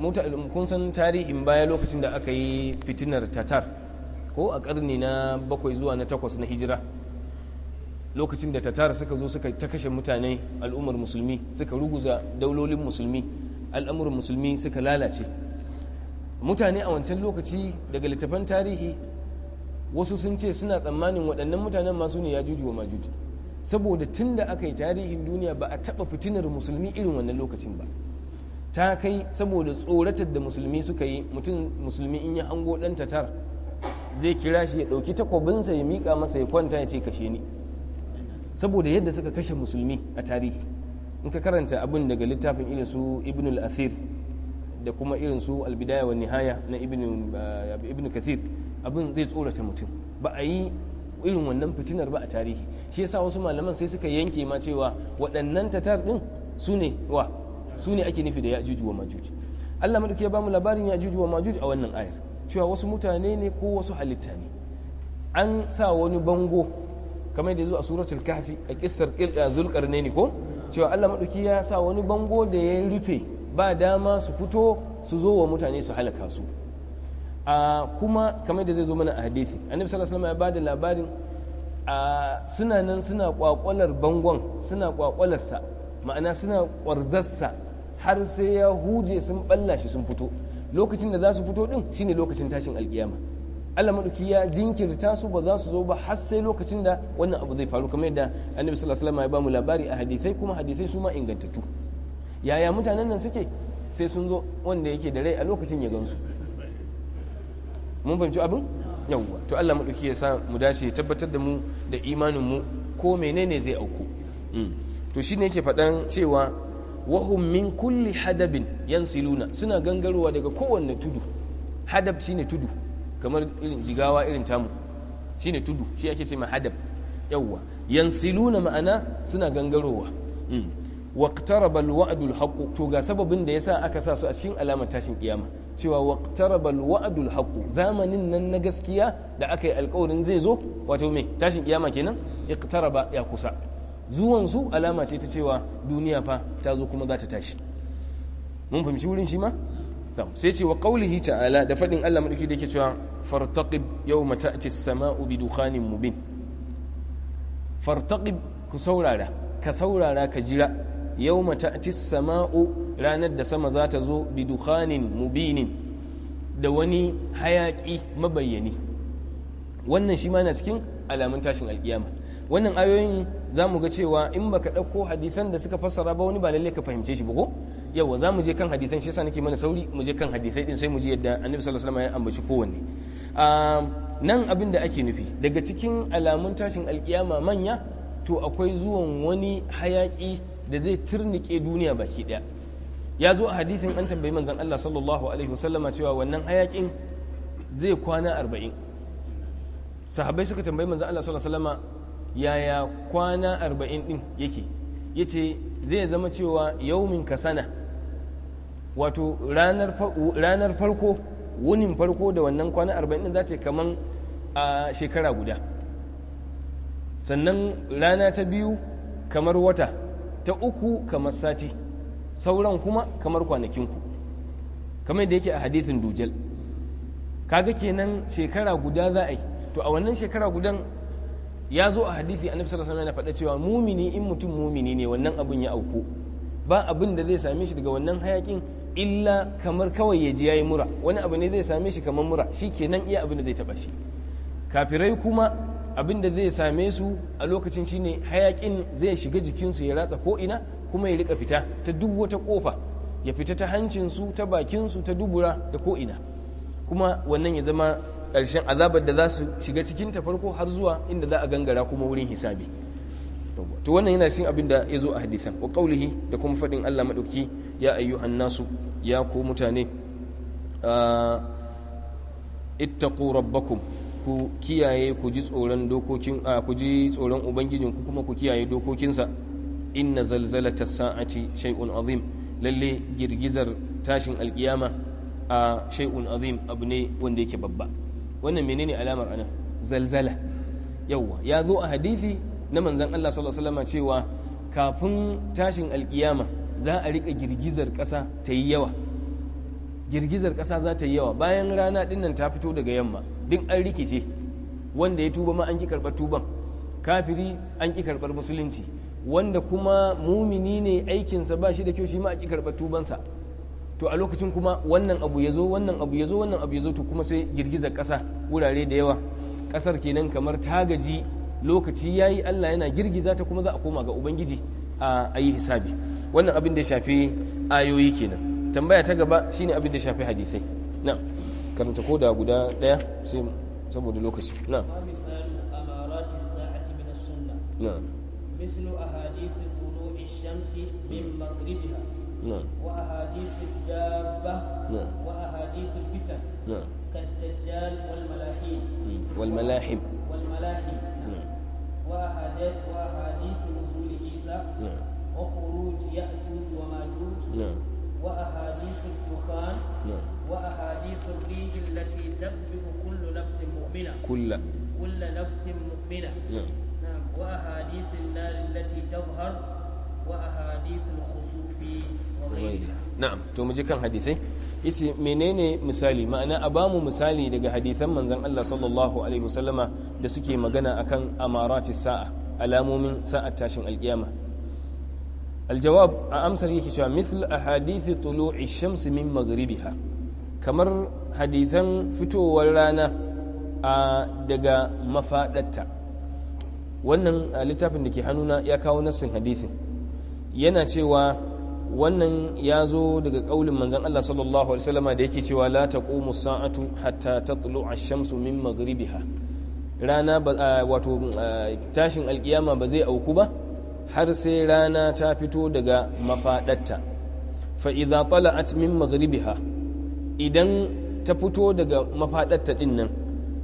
kun san tarihin baya lokacin da aka yi fitinar tatar ko a karni na bakwai zuwa na takwas na hijira lokacin da tatar suka zo suka ta kashe mutane al'ummar musulmi suka ruguza daulolin musulmi al'amuran musulmi suka lalace mutane a wancan lokaci daga littafan tarihi wasu sun ce suna tsammanin waɗannan mutanen masu ne ya juji wa majuji saboda tun da aka yi tarihin duniya ba a taɓa fitinar musulmi irin wannan lokacin ba ta kai saboda tsoratar da musulmi suka yi mutum musulmi in ya hango ɗan tatar zai kira shi ya ɗauki takwabinsa ya miƙa masa ya kwanta ya ce kashe ni saboda yadda suka kashe musulmi a tarihi in ka karanta abin daga littafin irin su ibn al-asir da kuma irin su albidaya wa nihaya na ibn eh, kasir abin zai tsorata mutum ba a yi irin wannan fitinar ba a tarihi shi yasa wasu malaman sai suka yanke ma cewa waɗannan tatar ɗin su ne wa su ne ake nufi da yajuju wa majuj Allah maɗuki ya ba mu labarin yajuju wa majuj a wannan ayar cewa wasu mutane ne ko wasu halitta ne an sa wani bango kamar da zo a suratul kahfi a kissar zulkarnaini eh, ko cewa Allah maɗuki ya sa wani bango da ya rufe ba dama su fito su zo wa mutane su halaka su a kuma kamar da zai zo mana a hadisi annabi sallallahu alaihi wasallam ya bada labarin a suna nan suna kwakwalar bangon suna kwakwalarsa ma'ana suna kwarzarsa har sai ya huje sun balla shi sun fito lokacin da za su fito din shine lokacin tashin alkiyama Allah maduki ya jinkirta su ba za su zo ba har sai lokacin da wannan abu zai faru kamar yadda annabi sallallahu alaihi wasallam ya ba mu labari a hadisai kuma hadisai su ma ingantattu yaya mutanen nan suke sai sun zo wanda yake da rai a lokacin ya gansu mun fahimci abin yawwa to Allah maɗauki ya sa mu dace ya tabbatar da mu da imanin mu ko menene zai auku mm. to shine yake faɗan cewa wahum min kulli hadabin yansiluna suna gangarowa daga kowanne tudu hadab shine tudu kamar irin jigawa irin tamu shine tudu shi ake ce hadab yawwa yansiluna ma'ana suna gangarowa mm. waqtaraba alwa'du alhaq to ga sababin da yasa aka sa su a cikin alamar tashin kiyama cewa waqtaraba alwa'du alhaq zamanin nan na gaskiya da aka yi alƙawarin zai zo wato me tashin kiyama kenan iqtaraba ya kusa zuwan su alama ce ta cewa duniya fa ta zo kuma za ta tashi mun fahimci wurin shi ma sai ce wa qaulihi ta'ala da fadin Allah madauki da yake cewa fartaqib yawma ta'ti as-sama'u bi dukhanin mubin fartaqib ku saurara ka saurara ka jira yau mata sama'u ranar da sama za ta zo bidukhanin mubinin da wani hayaƙi mabayyani wannan shi na cikin alamun tashin alkiyama wannan ayoyin za mu ga cewa in baka ɗauko hadisan da suka fassara ba wani ba lallai ka fahimce shi ba ko yawa za mu je kan hadisan shi yasa nake mana sauri mu je kan hadisai din sai mu je yadda annabi sallallahu alaihi wasallam ya ambaci kowanne ah, nan abin da ake nufi daga cikin alamun tashin alkiyama manya to akwai zuwan wani hayaki da zai turnike duniya baki daya ya zo a hadisin an tambayi manzon Allah sallallahu alaihi wasallama cewa wannan hayakin zai kwana arba'in sahabbai suka tambayi manzon Allah sallallahu alaihi wasallama yaya kwana arba'in din yake yace zai zama cewa yaumin ka sana wato ranar farko wunin farko da wannan kwana arba'in din za ta kaman a shekara guda sannan rana ta biyu kamar wata ta uku kamar sati sauran kuma kamar kwanakinku kamar da yake a hadisin dujal kaga kenan shekara guda za a yi to a wannan shekara gudan ya zo a hadisi a sallallahu alaihi na yana faɗa cewa mumini in mutum mumini ne wannan abin ya auku ba abin da zai same shi daga wannan hayakin illa kamar kawai ya ji yi mura wani abu ne zai same shi kamar mura shi kenan iya abin da zai taɓa shi kafirai kuma abin da zai same su a lokacin shine hayakin zai shiga jikinsu ya ratsa ko'ina kuma ya rika fita ta duk wata kofa ya fita ta hancinsu ta bakinsu ta dubura da ko'ina kuma wannan ya zama ƙarshen azabar da za su shiga cikin ta farko har zuwa inda za a gangara kuma wurin hisabi to wannan yana cikin abin da ya zo a hadisan wa ƙaulihi da kuma faɗin Allah maɗauki ya ayyuhan nasu ya ko mutane ah, ittaqu rabbakum ku kiyaye ku ji tsoron dokokin a ku ji tsoron ubangijin ku kuma ku kiyaye dokokinsa inna zalzalata sa'ati shay'un azim lalle girgizar tashin alkiyama a shay'un azim abu ne wanda yake babba wannan menene alamar anan zalzala yawwa ya zo a hadisi na manzon Allah sallallahu alaihi cewa kafin tashin alkiyama za a rika girgizar kasa ta yi yawa girgizar ƙasa za ta yi yawa bayan rana dinnan ta fito daga yamma duk an rikice wanda ya tuba ma an ki karbar tuban kafiri an ki karbar musulunci wanda kuma mumini ne aikinsa ba shi da kyau shi ma a ki karɓar tubansa to a lokacin kuma wannan abu ya zo wannan abu ya zo wannan abu ya zo to kuma sai girgizar ƙasa wurare da yawa ƙasar kenan kamar ta gaji lokaci ya yi allah yana girgiza ta kuma za a koma ga ubangiji a yi hisabi wannan abin da ya shafi ayoyi kenan tambaya ta gaba shine abin da ya shafi hadisai na'am karanta koda guda daya sai saboda lokaci na مثل أحاديث طلوع الشمس من مغربها وأحاديث الدابة وأحاديث الفتن كالدجال والملاحم والملاحم والملاحم وأحاديث نزول عيسى وخروج يأجوج وماجوج وأحاديث الدخان وأحاديث الريح التي تقبل كل نفس مؤمنة كل كل نفس مؤمنة نعم نعم وأحاديث النار التي تظهر وأحاديث الخسوف وغيرها نعم تو مجي كان حديثي yace menene misali ma'ana a bamu misali daga hadithan manzan Allah sallallahu alaihi wasallama da suke magana akan amarati sa'a alamomin sa'a tashin alkiyama aljawab a amsar yake cewa mithl ahadithi tulu'i shamsi min maghribiha kamar hadithan fitowar rana a daga mafaɗatta wannan littafin da ke hannuna ya kawo nassin hadithin yana cewa wannan ya zo daga ƙaulin manzan Allah sallallahu alaihi wasallama da yake cewa la taqumu sa'atu hatta tatlu ash-shamsu min maghribiha rana wato tashin alkiyama ba zai auku ba har sai rana ta fito daga mafaɗata fa idza min maghribiha idan ta fito daga mafaɗarta ɗin nan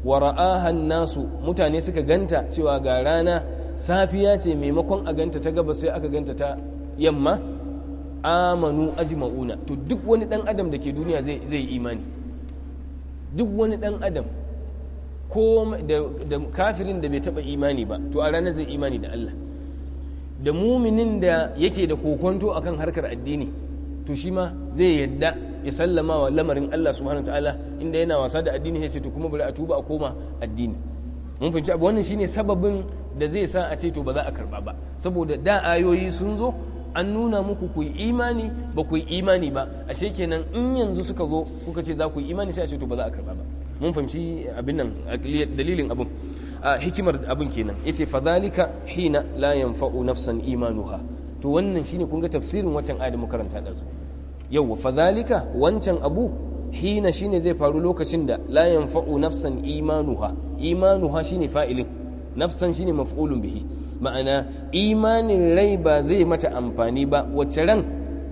wara'ahan nasu mutane suka ganta cewa ga rana safiya ce maimakon a ganta ta gaba sai aka ganta ta yamma amanu ajma'una to duk wani ɗan adam da ke duniya zai imani duk wani ɗan adam ko da kafirin da bai taɓa imani ba to a ranar zai imani da Allah da muminin da yake da kokonto akan harkar addini to shi ma zai yadda ya sallama wa lamarin Allah subhanahu ta'ala inda yana wasa da addini ya to kuma bari a tuba a koma addini mun fahimci abu wannan shine sababin da zai sa a ce to ba za a karba ba saboda da ayoyi sun zo an nuna muku ku yi imani ba ku yi imani ba ashe kenan in yanzu suka zo kuka ce za ku yi imani sai a ce to ba za a karba ba mun fahimci abin nan dalilin abin hikimar abin kenan yace fadhalika hina la yanfa'u nafsan imanuha to wannan shine kun ga tafsirin wacan aya da mu karanta da su yau fa zalika wancan abu hina shine zai faru lokacin da la yanfa'u nafsan imanuha imanuha shine fa'ilin nafsan shine maf'ulun bihi ma'ana imanin rai ba zai mata amfani ba wace ran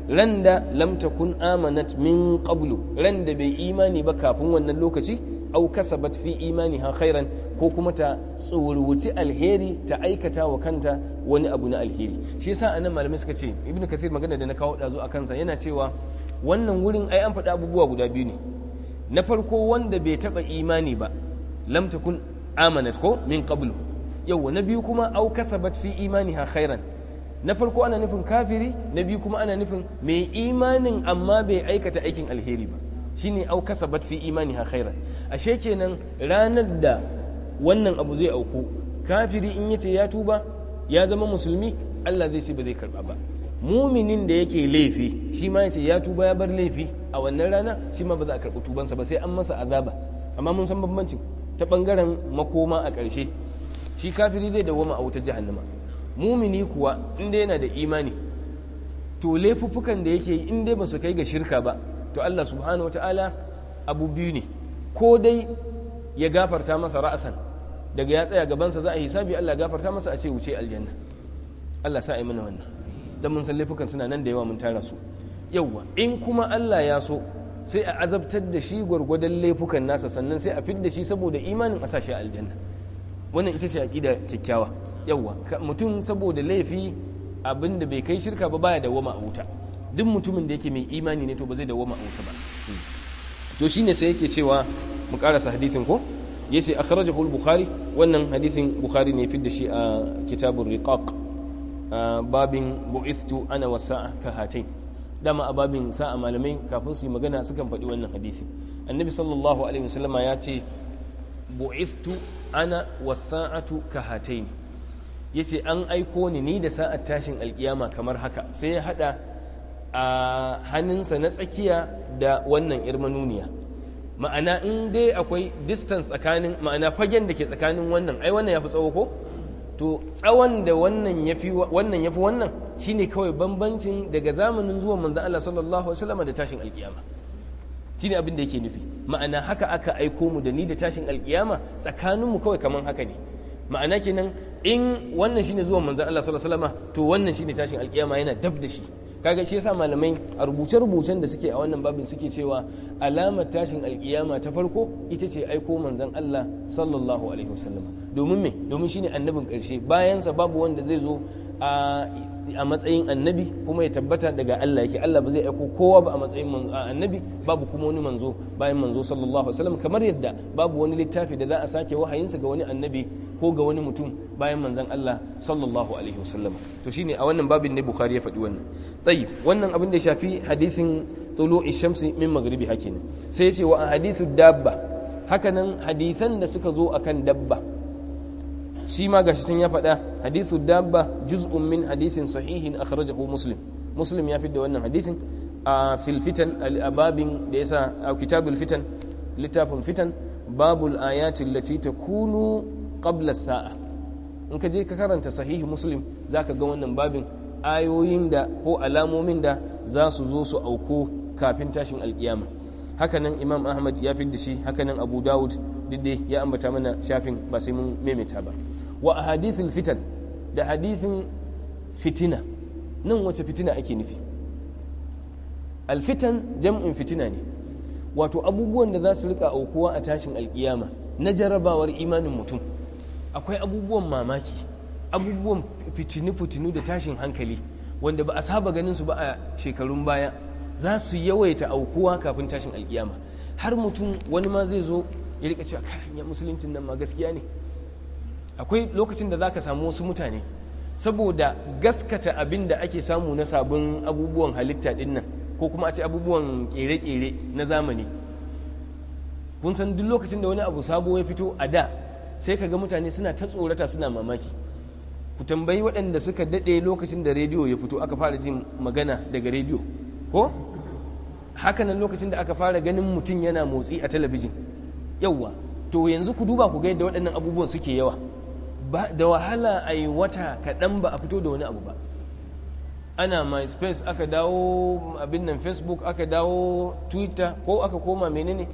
ran da lam takun amanat min qablu ran da bai imani ba kafin wannan lokaci au kasabat fi imaniha khairan ko kuma ta tsoruci alheri ta aikata wa kanta wani abu na alheri shi yasa anan malamai suka ce ibnu kasir magana da na kawo dazu a kansa yana cewa wannan wurin ai an faɗi abubuwa guda biyu ne na farko wanda bai taɓa imani ba lam takun amanat ko min qablu yawa na biyu kuma au kasabat fi imaniha khairan na farko ana nufin kafiri na biyu kuma ana nufin mai imanin amma bai aikata aikin alheri ba shine au kasabat fi imaniha khairan ashe kenan ranar da wannan abu zai auku kafiri in yace ya tuba ya zama musulmi Allah zai ce ba zai karba ba muminin da yake laifi shi ma yace ya tuba ya bar laifi a wannan rana shi ma ba za a karɓi tubansa ba sai an masa azaba amma mun san bambancin ta bangaren makoma a ƙarshe shi kafiri zai dawoma a wuta jahannama mumini kuwa inda yana da imani to laifuffukan da yake yi in dai ba su kai ga shirka ba to Allah subhanahu wataala abu biyu ne ko dai ya gafarta masa ra'asan daga ya tsaya gabansa za a hisabi Allah gafarta masa a ce wuce aljanna Allah sa mana wannan dan mun san laifukan suna nan da yawa mun tara su yawa in kuma Allah ya so sai a azabtar da shi gwargwadon laifukan nasa sannan sai a fidda shi saboda imanin a sashi aljanna wannan ita ce aqida kyakkyawa yawa mutum saboda laifi abinda bai kai shirka ba baya wama a wuta duk mutumin da yake mai imani ne to ba zai dawoma a wuta ba to shine sai yake cewa mu karasa hadithin ko yace akhrajahu al-bukhari wannan hadithin bukhari ne fidda shi a kitabur riqaq babin bu'ithtu ana wa sa'a kahatain dama a babin sa'a malamai kafin su yi magana sukan faɗi wannan hadisi annabi sallallahu alaihi wasallama ya ce bu'ithtu ana wa sa'atu kahataini yace an aiko ni ni da sa'ar tashin alkiyama kamar haka sai ya hada a hannunsa na tsakiya da wannan irmanuniya ma'ana in dai akwai distance tsakanin ma'ana fagen da ke tsakanin wannan ai wannan ya fi tsawo ko to tsawon da wannan ya fi wannan shine kawai bambancin daga zamanin zuwan manzon Allah sallallahu alaihi wasallam da tashin alkiyama shine abin da yake nufi ma'ana haka aka aiko mu da ni da tashin alkiyama tsakanin mu kawai kaman haka ne ma'ana kenan in wannan shine zuwan manzon Allah sallallahu alaihi wasallam to wannan shine tashin alkiyama yana dab da shi kaga shi yasa malamai a rubuce-rubucen da suke a wannan babin suke cewa alamar tashin alkiyama ta farko ita ce aiko manzon Allah sallallahu alaihi wasallam domin me domin shine annabin karshe bayansa babu wanda zai zo a a matsayin annabi kuma ya tabbata daga Allah yake Allah ba zai aiko kowa ba a matsayin annabi babu kuma wani manzo bayan manzo sallallahu alaihi wasallam kamar yadda babu wani littafi da za a sake wahayinsa ga wani annabi ko ga wani mutum bayan manzon Allah sallallahu alaihi wasallam to shine a wannan babin ne Bukhari ya faɗi wannan tayyib wannan abin da ya shafi hadisin tulu'i shamsi min maghribi hakinan sai ya ce wa hadithu dabba hakanan hadisan da suka zo akan dabba shi ma gashi tun ya faɗa hadithu dabba juz'un min hadithin sahihin akhrajahu muslim muslim ya fidda wannan hadithin a fil fitan al-ababin da yasa a kitabul fitan littafin fitan babul ayatin lati takunu qabla sa'a in ka je ka karanta sahihi muslim zaka ga wannan babin ayoyin da ko alamomin da za su zo su auko kafin tashin alkiyama hakanan imam ahmad ya fidda shi hakanan abu dawud didde ya ambata mana shafin ba sai mun maimaita ba wa a hadithin fitan da hadithin fitina nan wace fitina ake nufi alfitan jam'in fitina ne wato abubuwan da za su rika aukuwa a tashin alkiyama na jarabawar imanin mutum akwai abubuwan mamaki abubuwan fitinu-fitinu da tashin hankali wanda ba a saba ganin su ba a shekarun baya za su yawaita aukuwa kafin tashin alkiyama har mutum wani ma zai zo ya rika cewa kayan musuluncin nan ma gaskiya ne akwai lokacin da za ka samu wasu mutane saboda gaskata abin da ake samu na sabon abubuwan halitta dinnan ko kuma a ce abubuwan kere-kere na zamani kun san duk lokacin da wani abu sabo ya fito a da sai ka ga mutane suna ta tsorata suna mamaki ku tambayi waɗanda suka daɗe lokacin da rediyo ya fito aka fara jin magana daga rediyo ko hakanan lokacin da aka fara ganin mutum yana motsi a talabijin yauwa to yanzu ku duba ku ga yadda waɗannan abubuwan suke yawa da wahala a yi wata kaɗan ba a fito da wani abu ba ana myspace aka dawo abin nan facebook aka dawo twitter ko aka koma menene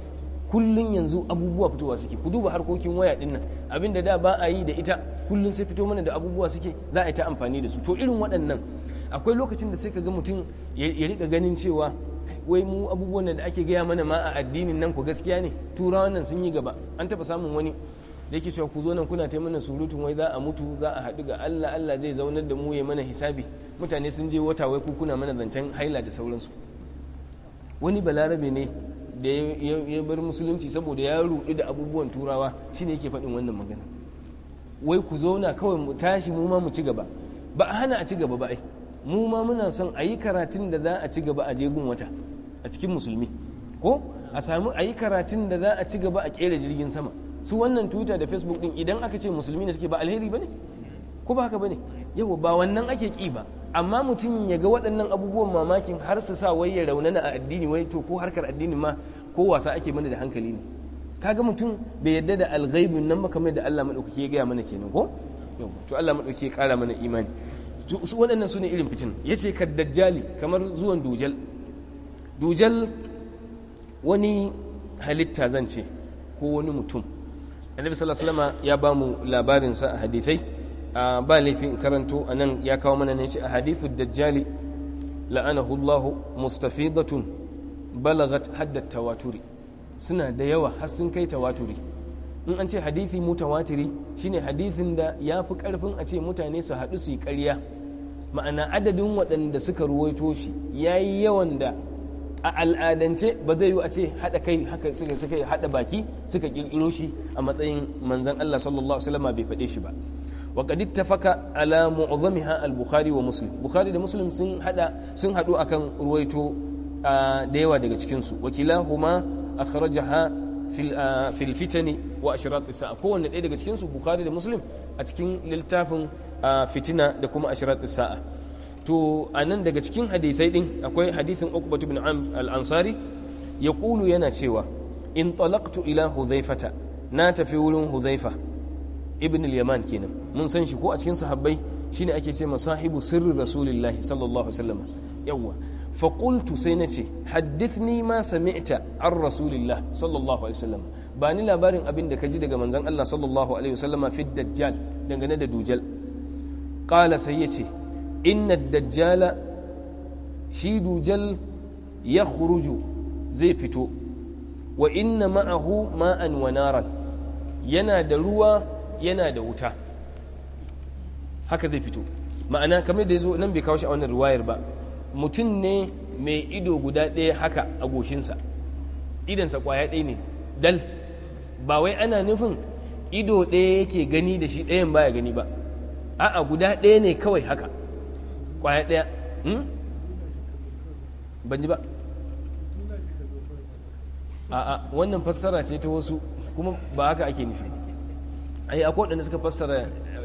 kullun yanzu abubuwa fitowa suke ku duba harkokin waya din nan abin da da ba a yi da ita kullun sai fito mana da abubuwa suke za a yi ta amfani da su to irin waɗannan akwai lokacin da sai ka ga mutum ya rika ganin cewa wai mu abubuwan da ake gaya mana ma a addinin nan ku gaskiya ne turawan nan sun yi gaba an taɓa samun wani da yake cewa ku zo nan kuna taimana surutun wai za a mutu za a haɗu ga Allah Allah zai zaunar da mu ya mana hisabi mutane sun je wata wai ku kuna mana zancen haila da sauransu wani balarabe ne da ya bar musulunci saboda ya ruɗu da abubuwan turawa shine yake faɗin wannan magana wai ku zauna kawai mu tashi mu ma mu ci gaba ba a hana a ci gaba ba ai mu ma muna son a yi karatun da za a ci gaba a jegun wata a cikin musulmi ko a samu a yi karatun da za a ci gaba a kera jirgin sama su wannan twitter da facebook din idan aka ce musulmi ne suke ba alheri ba ne ko ba haka ba ne yau ba wannan ake ki ba amma mutum ya ga waɗannan abubuwan mamakin har su sa wai ya raunana a addini wai to ko harkar addini ma ko wasa ake mana da hankali ne ka ga mutum bai yarda da alghaibin nan ba kamar da Allah madaukake ya gaya mana kenan ko to Allah madaukake ya kara mana imani su waɗannan su ne irin fitin ya ce ka dajjali kamar zuwan dujal dujal wani halitta zan ce ko wani mutum annabi sallallahu alaihi wasallam ya bamu labarin sa a hadisai ba laifin karanto anan ya kawo mana ne shi a hadithu dajjali la'anahu Allah mustafidatun balagat hadda tawaturi suna da yawa har sun kai tawaturi in an ce hadithi mutawatiri shine hadithin da ya fi karfin a ce mutane su haɗu su yi ƙarya ma'ana adadin waɗanda suka ruwaito shi ya yi yawan da a al'adance ba zai yi a ce haɗa kai haka suka suka haɗa baki suka ƙirƙiro shi a matsayin manzon Allah sallallahu alaihi wasallam bai faɗe shi ba wa qad ittafaqa ala mu'zamiha al-bukhari wa muslim bukhari da muslim sun hada sun akan ruwaito da yawa daga cikin su wakilahuma akhrajaha fil fil fitani wa ashrat sa'a kowanne ɗaya daga cikin su bukhari da muslim a cikin littafin fitina da kuma ashrat sa'a to a nan daga cikin hadisai din akwai hadisin ukbatu bin al-ansari ya kulu yana cewa in talaqtu ila huzaifata na tafi wurin huzaifa ibn al-yaman kenan mun san shi ko a cikin sahabbai shine ake ce masahibu sirri rasulillahi sallallahu alaihi wasallam yawa fa qultu sai nace haddithni ma sami'ta an rasulillah sallallahu alaihi wasallam ba ni labarin abin da ji daga manzon Allah sallallahu alaihi wasallama fi dajjal dangane da dujal qala sai ya ce. inna dajjala shi dujal ya khuruju zai fito wa inna ma'ahu ma'an wa naran yana da ruwa yana da wuta haka zai fito ma'ana kamar da ya zo nan bai kawo shi a wannan ruwayar ba mutum ne mai ido guda ɗaya haka a goshinsa idansa kwaya ɗaya ne dal ba wai ana nufin ido ɗaya yake gani da shi ɗayan baya gani ba a'a guda ɗaya ne kawai haka kwaya ɗaya hmm? ban ji ba a'a wannan fassara ce ta wasu kuma ba haka ake nufi ai akwai waɗanda suka fassara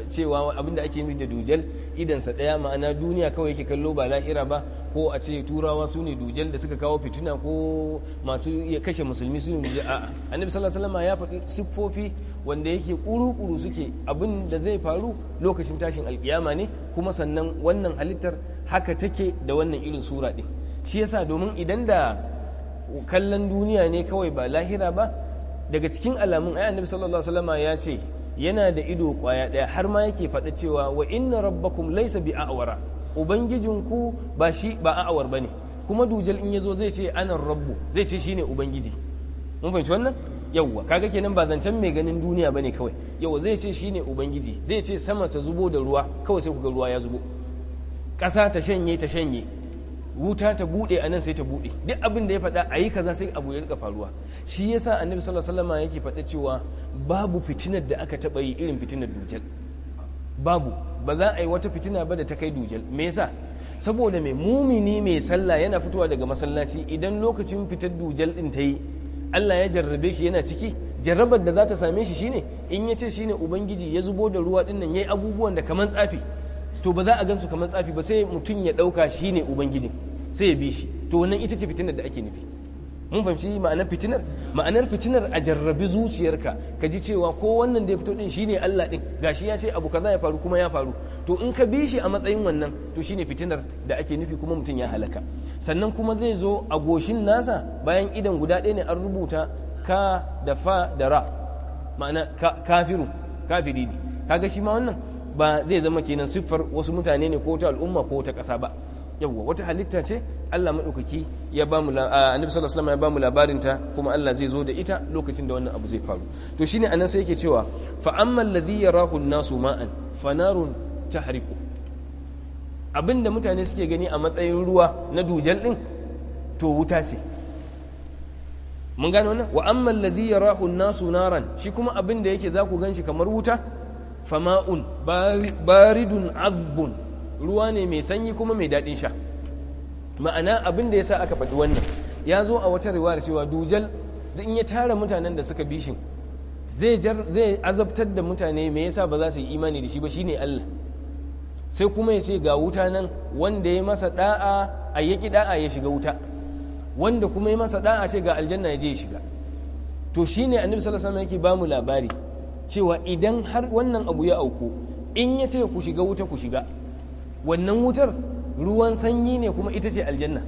cewa abinda ake nufi da dujal idansa ɗaya ma'ana duniya kawai yake kallo ba lahira ba ko a ce turawa su ne dujal da suka kawo fituna ko masu iya kashe musulmi su ne dujal a'a annabi sallallahu ya faɗi siffofi wanda yake kuru suke abin da zai faru lokacin tashin alkiyama ne kuma sannan wannan halittar haka take da wannan irin sura ɗin shi yasa domin idan da kallon duniya ne kawai ba lahira ba daga cikin alamun ai annabi sallallahu alaihi ya ce yana da ido kwaya ɗaya har ma yake faɗa cewa wa inna rabbakum laysa bi a'wara ubangijinku ba shi ba a'awar bane kuma dujal in yazo zai ce ana rabbu zai ce shine ubangiji mun fahimci wannan yawwa kaga kenan ba zancen mai ganin duniya bane kawai yawwa zai ce shine ubangiji zai ce sama ta zubo da ruwa kawai sai kuga ruwa ya zubo ƙasa ta shanye ta shanye wuta ta bude a nan sai ta bude duk abin da ya faɗa a yi kaza sai abu ya rika faruwa shi yasa annabi sallallahu alaihi wasallam yake faɗa cewa babu fitinar da aka taba yi irin fitinar dujal babu ba za a yi wata fitina ba da ta kai dujal me yasa saboda mai mumini mai sallah yana fitowa daga masallaci idan lokacin fitar dujal din ta yi Allah ya jarrabe shi yana ciki jarrabar da za ta same shi shine in ya ce shine ubangiji ya zubo da ruwa dinnan yayi abubuwan da kaman tsafi to ba za a gansu kamar tsafi ba sai mutum ya ɗauka shi ne ubangijin sai ya bi shi to wannan ita ce fitinar da ake nufi mun fahimci ma'anar fitinar ma'anar fitinar a jarrabi zuciyarka ka ji cewa ko wannan da ya fito din shine Allah din gashi ya ce abu kaza ya faru kuma ya faru to in ka bi shi a matsayin wannan to shine fitinar da ake nufi kuma mutum ya halaka sannan kuma zai zo a goshin nasa bayan idan guda ɗaya ne an rubuta ka da fa da ra ma'ana kafiru kafiri ne kaga shi ma wannan ba zai zama kenan siffar wasu mutane ne ko ta al'umma ko ta ƙasa ba yawwa wata halitta ce Allah maɗaukaki ya ba mu annabi sallallahu alaihi ya ba mu labarin ta kuma Allah zai zo da ita lokacin da wannan abu zai faru to shine anan sai yake cewa fa amma alladhi yarahu an-nasu ma'an fanarun tahriqu abinda mutane suke gani a matsayin ruwa na dujal din to wuta ce mun gano wannan wa amma alladhi yarahu an-nasu naran shi kuma abinda yake za ku ganshi kamar wuta fama'un baridun azbun ruwa ne mai sanyi kuma mai daɗin sha ma'ana abin da ya sa aka faɗi wannan ya zo a wata riwayar cewa dujal zai ya tara mutanen da suka bishin zai azabtar da mutane mai yasa ba za su yi imani da shi ba shine Allah sai kuma ya ce ga wuta nan wanda ya masa da'a a yaki da'a ya shiga wuta wanda kuma ya masa da'a ce ga aljanna ya je ya shiga to shine annabi sallallahu alaihi wasallam yake mu labari cewa idan har wannan abu ya auku in ya ce ku shiga wuta ku shiga wannan wutar ruwan sanyi ne kuma ita ce aljanna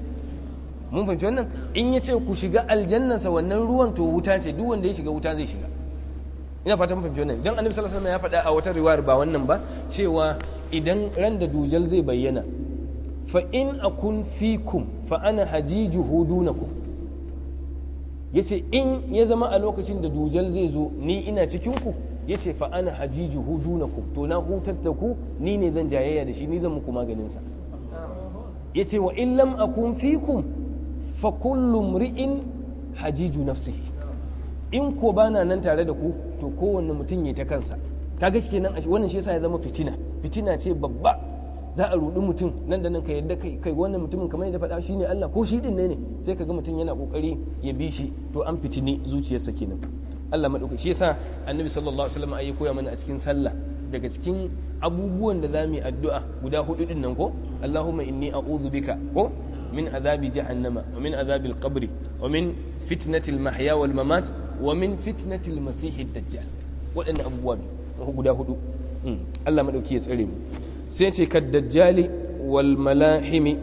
mun fahimci wannan in ya ce ku shiga aljannansa wannan ruwan to wuta ce duk wanda ya shiga wuta zai shiga ina fata mun fahimci wannan idan annabi sallallahu alaihi wasallam ya faɗa a wata riwayar ba wannan ba cewa idan ran da dujal zai bayyana fa in akun fikum fa ana hajiju dunakum yace in ya zama a lokacin da dujal zai zo ni ina cikin ku yace fa ana na ku to na da ku ni ne zan jayayya da shi ni zan muku maganin sa ce wa in lam akun fikum fa kullu mri'in hajiju nafsihi in ko ba na nan tare da ku to kowanne mutum ya ta kansa kaga kenan wannan shi yasa ya zama fitina fitina ce babba za a rudi mutum nan da nan ka yadda kai kai wannan mutumin kamar yadda faɗa ne Allah ko shi ɗin ne ne sai ka ga mutum yana kokari ya bi shi to an fitini zuciyarsa kenan Allah maɗauka shi yasa annabi sallallahu alaihi wasallam ya koya mana a cikin sallah daga cikin abubuwan da za mu yi addu'a guda hudu din nan ko Allahumma inni a'udhu bika ko min azabi jahannama wa min azabil qabri wa min fitnatil mahya wal mamat wa min fitnatil masihid dajjal waɗannan abubuwa guda hudu hmm, Allah madauki ya tsare mu sai ce kad dajjali wal malahimi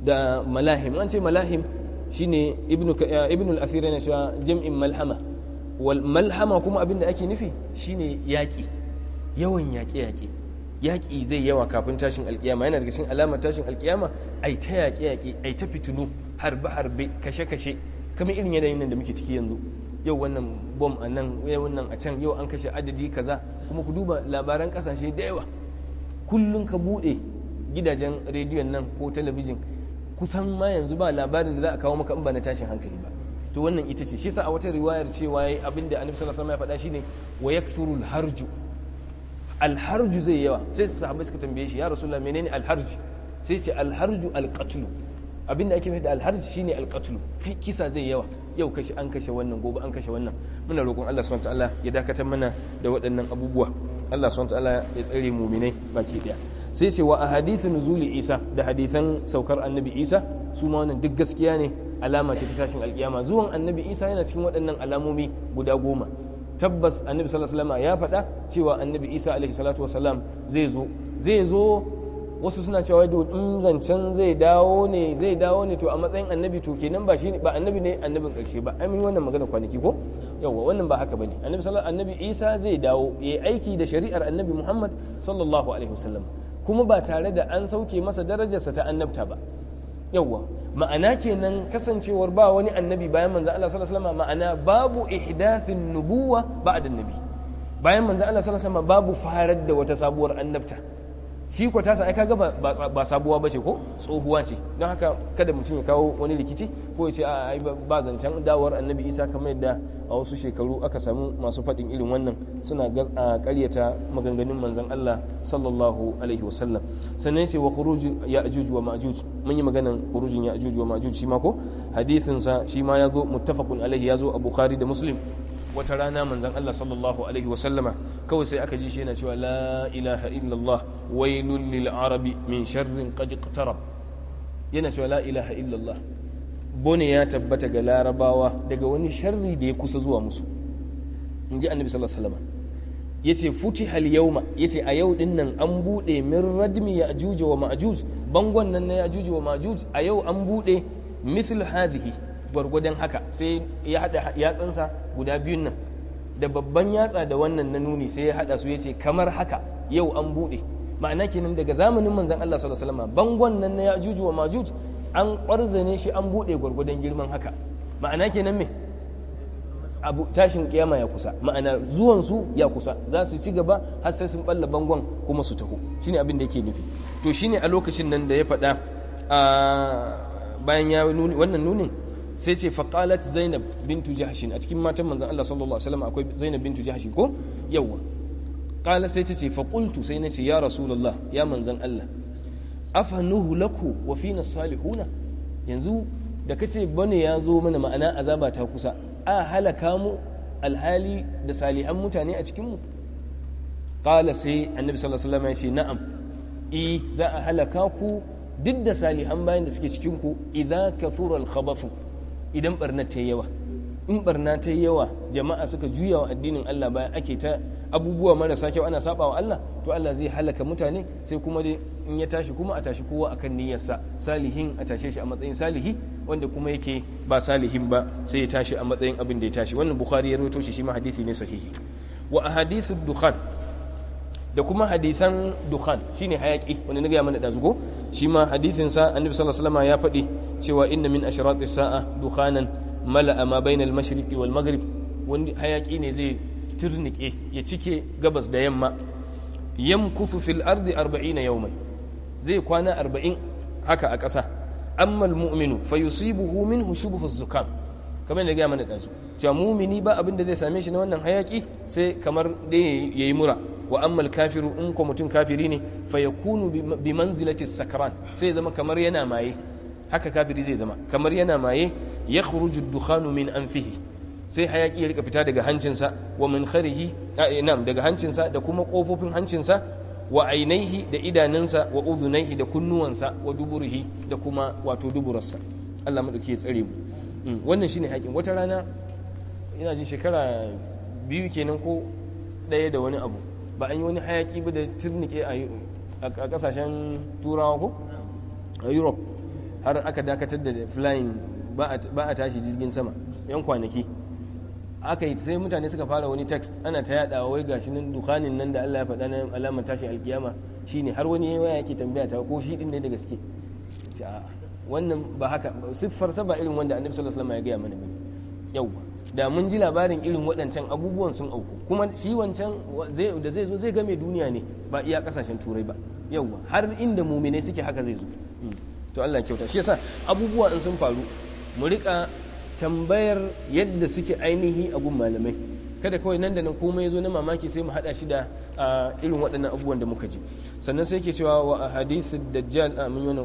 da malahim an ce malahim shine ibnu ibnu al-athir yana cewa jam'in malhama malhama kuma abin da ake nufi shine yaƙi yawan yaƙe-yaƙe yaƙi zai yawa kafin tashin alƙiyama yana daga cikin alamar tashin alƙiyama a ta yaƙe-yaƙe a ta fitinu harbe-harbe kashe-kashe kamar irin yanayin nan da muke ciki yanzu yau wannan bom a nan yau wannan a can yau an kashe adadi kaza kuma ku duba labaran kasashe da yawa kullum ka buɗe gidajen rediyon nan ko talabijin kusan ma yanzu ba labarin da za a kawo maka in ba na tashin hankali ba to wannan ita ce shi sa a wata riwayar cewa yayi abin da annabi sallallahu alaihi wasallam ya faɗa shine wa yakthuru harju alharju zai yawa sai ta sahabbai suka tambaye shi ya rasulullah menene alharji sai ce alharju alqatlu abinda ake nufi da alharji shine alqatlu kisa zai yawa yau kashe an kashe wannan gobe an kashe wannan muna roƙon Allah subhanahu ta'ala ya dakatar mana da waɗannan abubuwa Allah subhanahu ta'ala ya tsare muminai baki daya sai ce wa ahadithu nuzuli isa da hadisan saukar annabi isa su ma wannan duk gaskiya ne alama ce ta tashin alkiyama zuwan annabi isa yana cikin waɗannan alamomi guda goma tabbas annabi sallallahu alaihi ya faɗa cewa annabi isa alaihi salatu wasalam zai zo zai zo wasu suna cewa wai in zancen zai dawo ne zai dawo ne to a matsayin annabi to kenan ba shi ba annabi ne annabin ƙarshe ba amin mun wannan magana kwanaki ko yawa wannan ba haka bane annabi sallallahu annabi isa zai dawo yayi aiki da shari'ar annabi muhammad sallallahu alaihi wasallam kuma ba tare da an sauke masa darajarsa ta annabta ba yawwa ma'ana kenan kasancewar ba wani annabi bayan manzo Allah sallallahu alaihi wasallam ma'ana babu ihdathin nubuwa ba'da annabi bayan manzo Allah sallallahu alaihi wasallam babu farar da wata sabuwar annabta shi ko sa ai kaga ba sabuwa ba ce ko tsohuwa ce don haka kada mutum ya kawo wani rikici ko ya ce a ai ba zancen dawar annabi isa kamar yadda a wasu shekaru aka samu masu faɗin irin wannan suna ƙaryata maganganun manzon Allah sallallahu alaihi wasallam sannan sai wa khuruj ajuju wa ma'juj mun yi maganan ya ajuju wa ma'juj shi ma ko hadisin sa shi ma ya zo muttafaqun alaihi ya zo a bukhari da muslim wata rana manzan Allah sallallahu alaihi wasallama kawai sai aka ji shi yana cewa la ilaha illallah wailul lil arabi min sharrin qad iqtarab yana cewa la ilaha illallah bone ya tabbata ga larabawa daga wani sharri da ya kusa zuwa musu in ji annabi sallallahu alaihi wasallama yace futihal yauma yace a yau din nan an bude min radmi ya'juj wa ma'juj bangon nan ya ya'juj wa ma'juj a yau an bude mithl hadhihi gwargwadon haka sai ya haɗa yatsansa guda biyun nan da babban yatsa da wannan na nuni sai ya haɗa su ya ce kamar haka yau an buɗe ma'ana kenan daga zamanin manzon Allah sallallahu alaihi wasallam bangon nan na Ya'juj wa majuj an kwarzane shi an buɗe gwargwadon girman haka ma'ana kenan me abu tashin kiyama ya kusa ma'ana zuwan su ya kusa za su ci gaba har sai sun balla bangon kuma su taho shine abin da yake nufi to shine a lokacin nan da ya faɗa bayan ya nuni wannan nunin sai ce faqalat zainab bintu jahshin a cikin matan manzon Allah sallallahu alaihi wasallam akwai zainab bintu jahshin ko yawa qala sai ta ce fa qultu sai nace ya rasulullah ya manzon Allah afanuhu laku wa fina salihuna yanzu da kace bane ya zo mana ma'ana azaba ta kusa a halaka mu alhali da salihan mutane a cikin mu qala sai annabi sallallahu alaihi wasallam ya ce na'am i za a halaka ku duk da salihan bayan da suke cikin ku idza kathura al idan barna ta yawa in barna ta yawa jama'a suka juya wa addinin Allah bayan ake ta abubuwa marasa kyau ana saba wa Allah to Allah zai halaka mutane sai kuma dai in ya tashi kuma a tashi kowa akan niyyarsa salihin a tashe shi a matsayin salihi wanda kuma yake ba salihin ba sai ya tashi a matsayin abin da ya tashi wannan bukhari ya rawaito shi shi ma hadisi ne sahihi wa ahadithu dukhan da kuma hadisan dukhan shine hayaki wani na gaya mana da zugo shi ma hadisin sa annabi sallallahu alaihi wasallam ya faɗi cewa inna min ashratis sa'a dukhanan mala'a ma bainal mashriqi wal maghrib wani hayaki ne zai turnike ya cike gabas da yamma yamkufu fil ardi 40 yawman zai kwana 40 haka a ƙasa amma mu'minu fayusibuhu minhu shubhu zukam kamar da gaya mana da zugo cewa mumini ba abin da zai same shi na wannan hayaki sai kamar dai yayi mura wa ammal kafiru in ko mutum kafiri ne fa yakunu bi manzilati sakran sai zama kamar yana maye haka kafiri zai zama kamar yana maye ya khuruju dukhanu min anfihi sai hayaki ya rika fita daga hancinsa wa min kharihi eh, na'am daga hancinsa da kuma kofofin hancinsa wa ainaihi da idanunsa wa udhunaihi da kunnuwansa wa duburihi da kuma wato duburarsa Allah madauki ya tsare mu mm, wannan shine haƙin wata rana ina jin shekara biyu kenan ko ɗaya da wani abu ba an yi wani hayaki ba da turnike a kasashen turawa ko a europe har aka dakatar da flying ba a tashi jirgin sama yan kwanaki aka yi sai mutane suka fara wani text ana ta yada wai gashi nan dukanin nan da Allah ya faɗa na alamar tashi alkiyama shine har wani yayi waya yake tambaya ta ko shi din ne da gaske wannan ba haka siffar sa ba irin wanda annabi sallallahu alaihi wasallam ya gaya mana ba. yauwa da mun ji labarin irin waɗancan abubuwan sun auku kuma shi wancan da zai zo zai game duniya ne ba iya ƙasashen turai ba yauwa har inda muminai suke haka zai zo hmm. to Allah kyauta shi yasa abubuwa in sun faru mu rika tambayar yadda suke ainihi a gun malamai kada kawai nan da nan komai ya zo na mamaki sai mu haɗa shi da irin waɗannan abubuwan da muka ji sannan sai ke cewa wa hadithu dajjal mun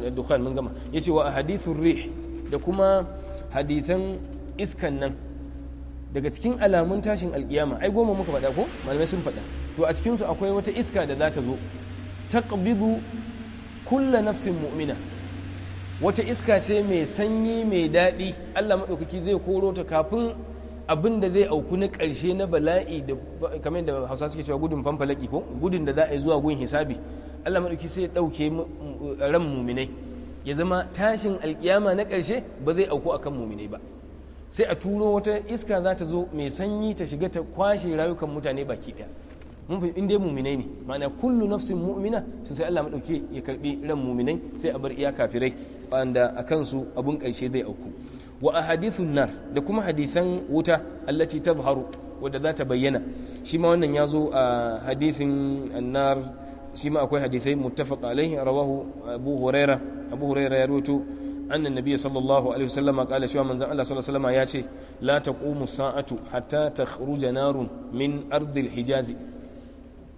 yi dukkan mun gama ya ce wa hadithu rih da kuma hadisan. iskan nan daga cikin alamun tashin alkiyama ai goma muka faɗa ko malamai sun faɗa to a cikinsu akwai wata iska da za ta zo taqbidu kulla nafsin mu'mina wata iska ce mai sanyi mai daɗi Allah maɗaukaki zai koro ta kafin abin da zai auku na ƙarshe na bala'i da kamar da hausa suke cewa gudun fanfalaki ko gudun da za a yi zuwa gun hisabi Allah maɗaukaki sai ya ɗauke ran muminai ya zama tashin alkiyama na karshe ba zai auku akan muminai ba sai a turo wata iska za ta zo mai sanyi ta shiga ta kwashe rayukan mutane baki ɗaya mun fi inda muminai ne ma'ana kullu nafsin mu'mina to sai Allah madauke ya karbi ran muminai sai a bar iya kafirai wanda a kansu abun karshe zai auku wa ahadithun nar da kuma hadisan wuta allati tabharu wadda za ta bayyana shi ma wannan ya zo a hadithin annar shi ma akwai hadisai muttafaq alaihi rawahu abu huraira abu huraira ya rawaito annan nabi sallallahu alaihi wasallama kala cewa manzon Allah sallallahu alaihi wasallama ya ce la taqumu sa'atu hatta takhruja narun min ardil hijazi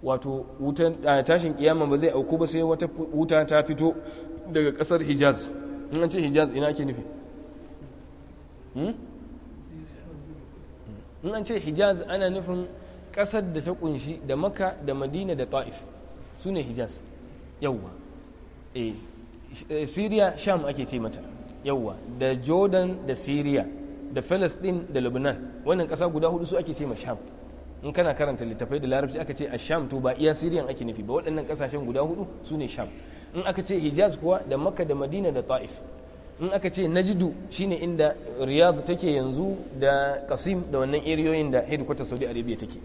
wato wutan tashin kiyama ba zai auku ba sai wata wuta ta fito daga kasar hijaz in ce hijaz ina ake nufi in ce hijaz ana nufin ƙasar da ta kunshi da maka da madina da ta'if hijaz Eh, syria sham ake ce mata yawwa da jordan da Siriya da philistine da lebanon wannan kasa guda hudu su ake ce ma sham in kana karanta littafai da larabci aka ce a sham to ba iya syrian ake nufi ba waɗannan kasashen guda hudu su ne sham in aka ce hijaz kuwa da makka da madina da ta'if in aka ce najidu shine inda riyadh take yanzu da kasim da wannan eriyoyin da headquarter saudi arabia take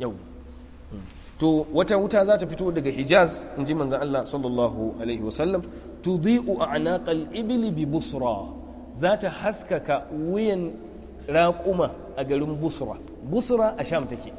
yau hmm. to wata wuta za ta fito daga hijaz in ji manzan allah sallallahu alaihi wasallam tudhi'u a'naqal ibli bi busra za ta haskaka wuyan raƙuma a garin busra busra a sham take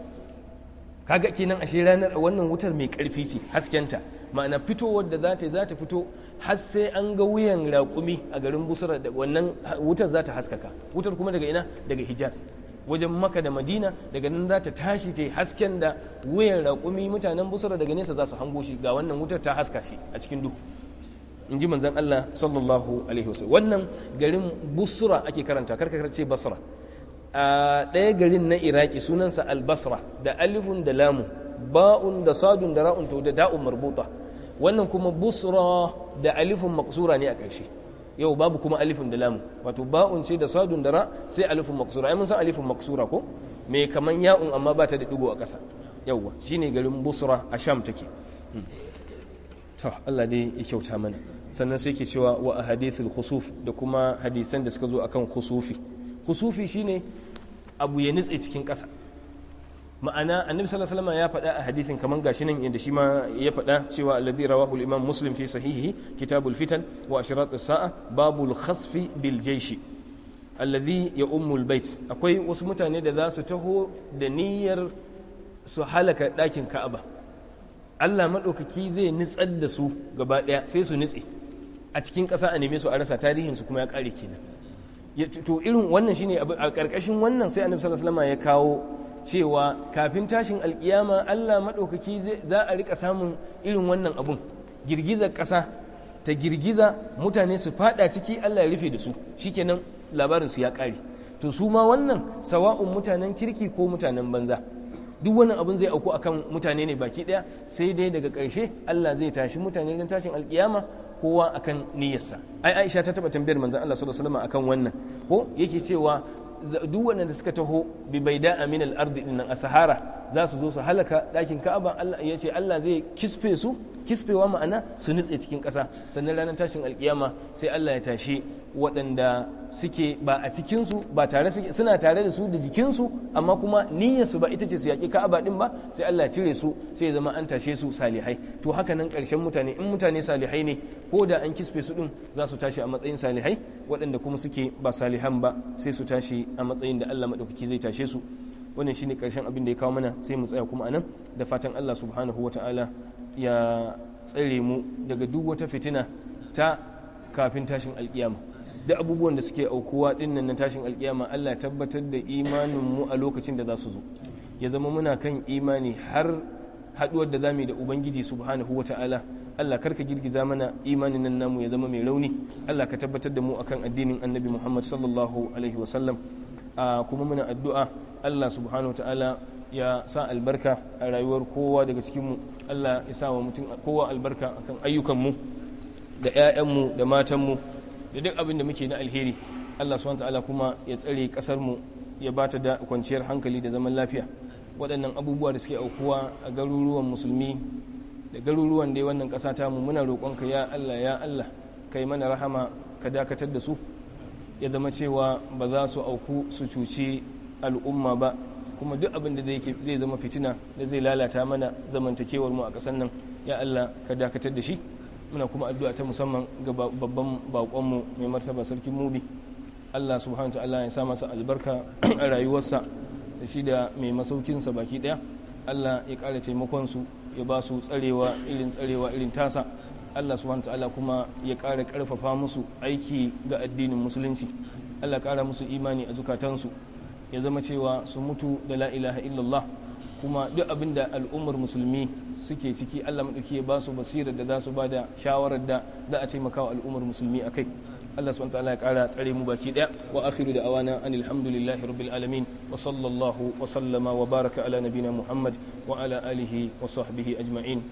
kaga kenan ashe ranar wannan wutar mai karfi ce haskenta ma'ana fitowar da za ta za ta fito har sai an ga wuyan raƙumi a garin busra da wannan wutar za ta haskaka wutar kuma daga ina daga hijaz wajen maka da madina daga nan za ta tashi ta hasken da wuyan raƙumi mutanen busra daga nesa za su hango shi ga wannan wutar ta haska shi a cikin duhu in ji manzan Allah sallallahu alaihi wasallam wannan garin busra ake karanta karka ce basra a ɗaya garin na iraki sunansa albasra da alifun da lamu ba'un da sadun da ra'un to da da'un marbuta wannan kuma busra da alifun maksura ne a ƙarshe yau babu kuma alifun da lamu wato ba'un ce da sadun da ra sai alifun maksura ai mun san alifun maksura ko me kaman ya'un amma ba ta da digo a ƙasa yauwa shine garin busra a sham take hmm. to Allah dai ya kyauta mana sannan sai ke cewa wa ahadithul khusuf da kuma hadisan da suka zo akan khusufi khusufi shine abu ya nitse cikin ƙasa ma'ana annabi sallallahu alaihi ya faɗa a hadisin kaman gashi nan inda shi ma ya faɗa cewa alladhi rawahu al-imam muslim fi sahihi kitabul fitan wa ashrat as-sa'a babul khasfi bil jayshi alladhi ya ummul bait akwai wasu mutane da za su taho da niyyar su halaka ɗakin ka'aba Allah maɗaukaki zai nitsar da su gaba ɗaya sai su nitse a cikin ƙasa a neme su a rasa tarihin su kuma ya ƙare kenan to irin wannan shine a ƙarƙashin wannan sai annabi sallallahu alaihi wasallam ya kawo cewa kafin tashin alƙiyama Allah maɗaukaki za a rika samun irin wannan abun girgizar ƙasa ta girgiza mutane su faɗa ciki Allah ya rufe da su shikenan labarin su ya ƙare to su ma wannan sawa'un mutanen kirki ko mutanen banza duk wani abin zai auku akan mutane ne baki daya sai dai daga karshe Allah zai tashi mutane don tashin alkiyama kowa akan niyyarsa ai Aisha ta taba tambayar manzon Allah sallallahu alaihi wasallam akan wannan ko yake cewa duk wanda suka taho bi baida aminal ardi dinnan a sahara za su zo su halaka ɗakin ka'aba Allah ya ce Allah zai kisfe su kisfewa ma'ana su nutse cikin kasa sannan ranar tashin alkiyama sai Allah ya tashi waɗanda suke ba a cikin su ba tare suke suna tare da su da jikin su amma kuma niyyar su ba ita ce su yaƙi ka'aba din ba sai Allah ya cire su sai ya zama an tashe su salihai to haka nan ƙarshen mutane in mutane salihai ne ko da an kisfe su din za su tashi a matsayin salihai waɗanda kuma suke ba salihan ba sai su tashi a matsayin da Allah maɗaukaki zai tashe su wannan shine karshen abin da ya kawo mana sai mu tsaya kuma anan da fatan Allah subhanahu wata'ala ya tsare mu daga duk wata fitina ta kafin tashin alkiyama da abubuwan da suke aukuwa dinnan na tashin alkiyama Allah tabbatar da imanin mu a lokacin da za su zo ya zama muna kan imani har haduwar da zamu da ubangiji subhanahu wata'ala Allah karka girgiza mana imanin nan namu ya zama mai rauni Allah ka tabbatar da mu akan addinin annabi Muhammad sallallahu alaihi wasallam kuma muna addu'a Allah subhanahu wa ta'ala ya sa albarka a rayuwar kowa daga cikinmu Allah ya sa wa mutum kowa albarka a kan ayyukanmu da 'ya'yanmu da matanmu da duk abin da muke na alheri Allah subhanahu wa ta'ala kuma ya tsare ƙasarmu ya ba ta da kwanciyar hankali da zaman lafiya waɗannan abubuwa da suke aukuwa a garuruwan musulmi da garuruwan da wannan ƙasa tamu muna roƙonka ya Allah ya Allah kai mana rahama ka dakatar da su ya zama cewa ba za su auku su cuci al'umma ba kuma duk abin da zai zama fitina da zai lalata mana zamantakewar mu a ƙasar nan ya Allah ka dakatar da shi muna kuma addu'a ta musamman ga babban bakonmu mai martaba sarkin mubi Allah subhanahu ta'ala ya sa masa albarka a rayuwarsa da shi da mai masaukinsa baki daya Allah ya ƙara taimakon su ya ba su tsarewa irin tsarewa irin tasa Allah subhanahu ta'ala kuma ya ƙara ƙarfafa musu aiki ga addinin musulunci Allah ƙara musu imani a zukatansu ya zama cewa su mutu da la ilaha illallah kuma duk abin da al'ummar musulmi suke ciki Allah maɗauki ya ba su basira da za su ba da shawarar da za a taimaka wa al'ummar musulmi a kai Allah subhanahu ta'ala ya ƙara tsare mu baki ɗaya wa akhiru da awana anil hamdulillahi rabbil alamin wa sallallahu wa sallama wa baraka ala nabina Muhammad wa ala alihi wa sahbihi ajma'in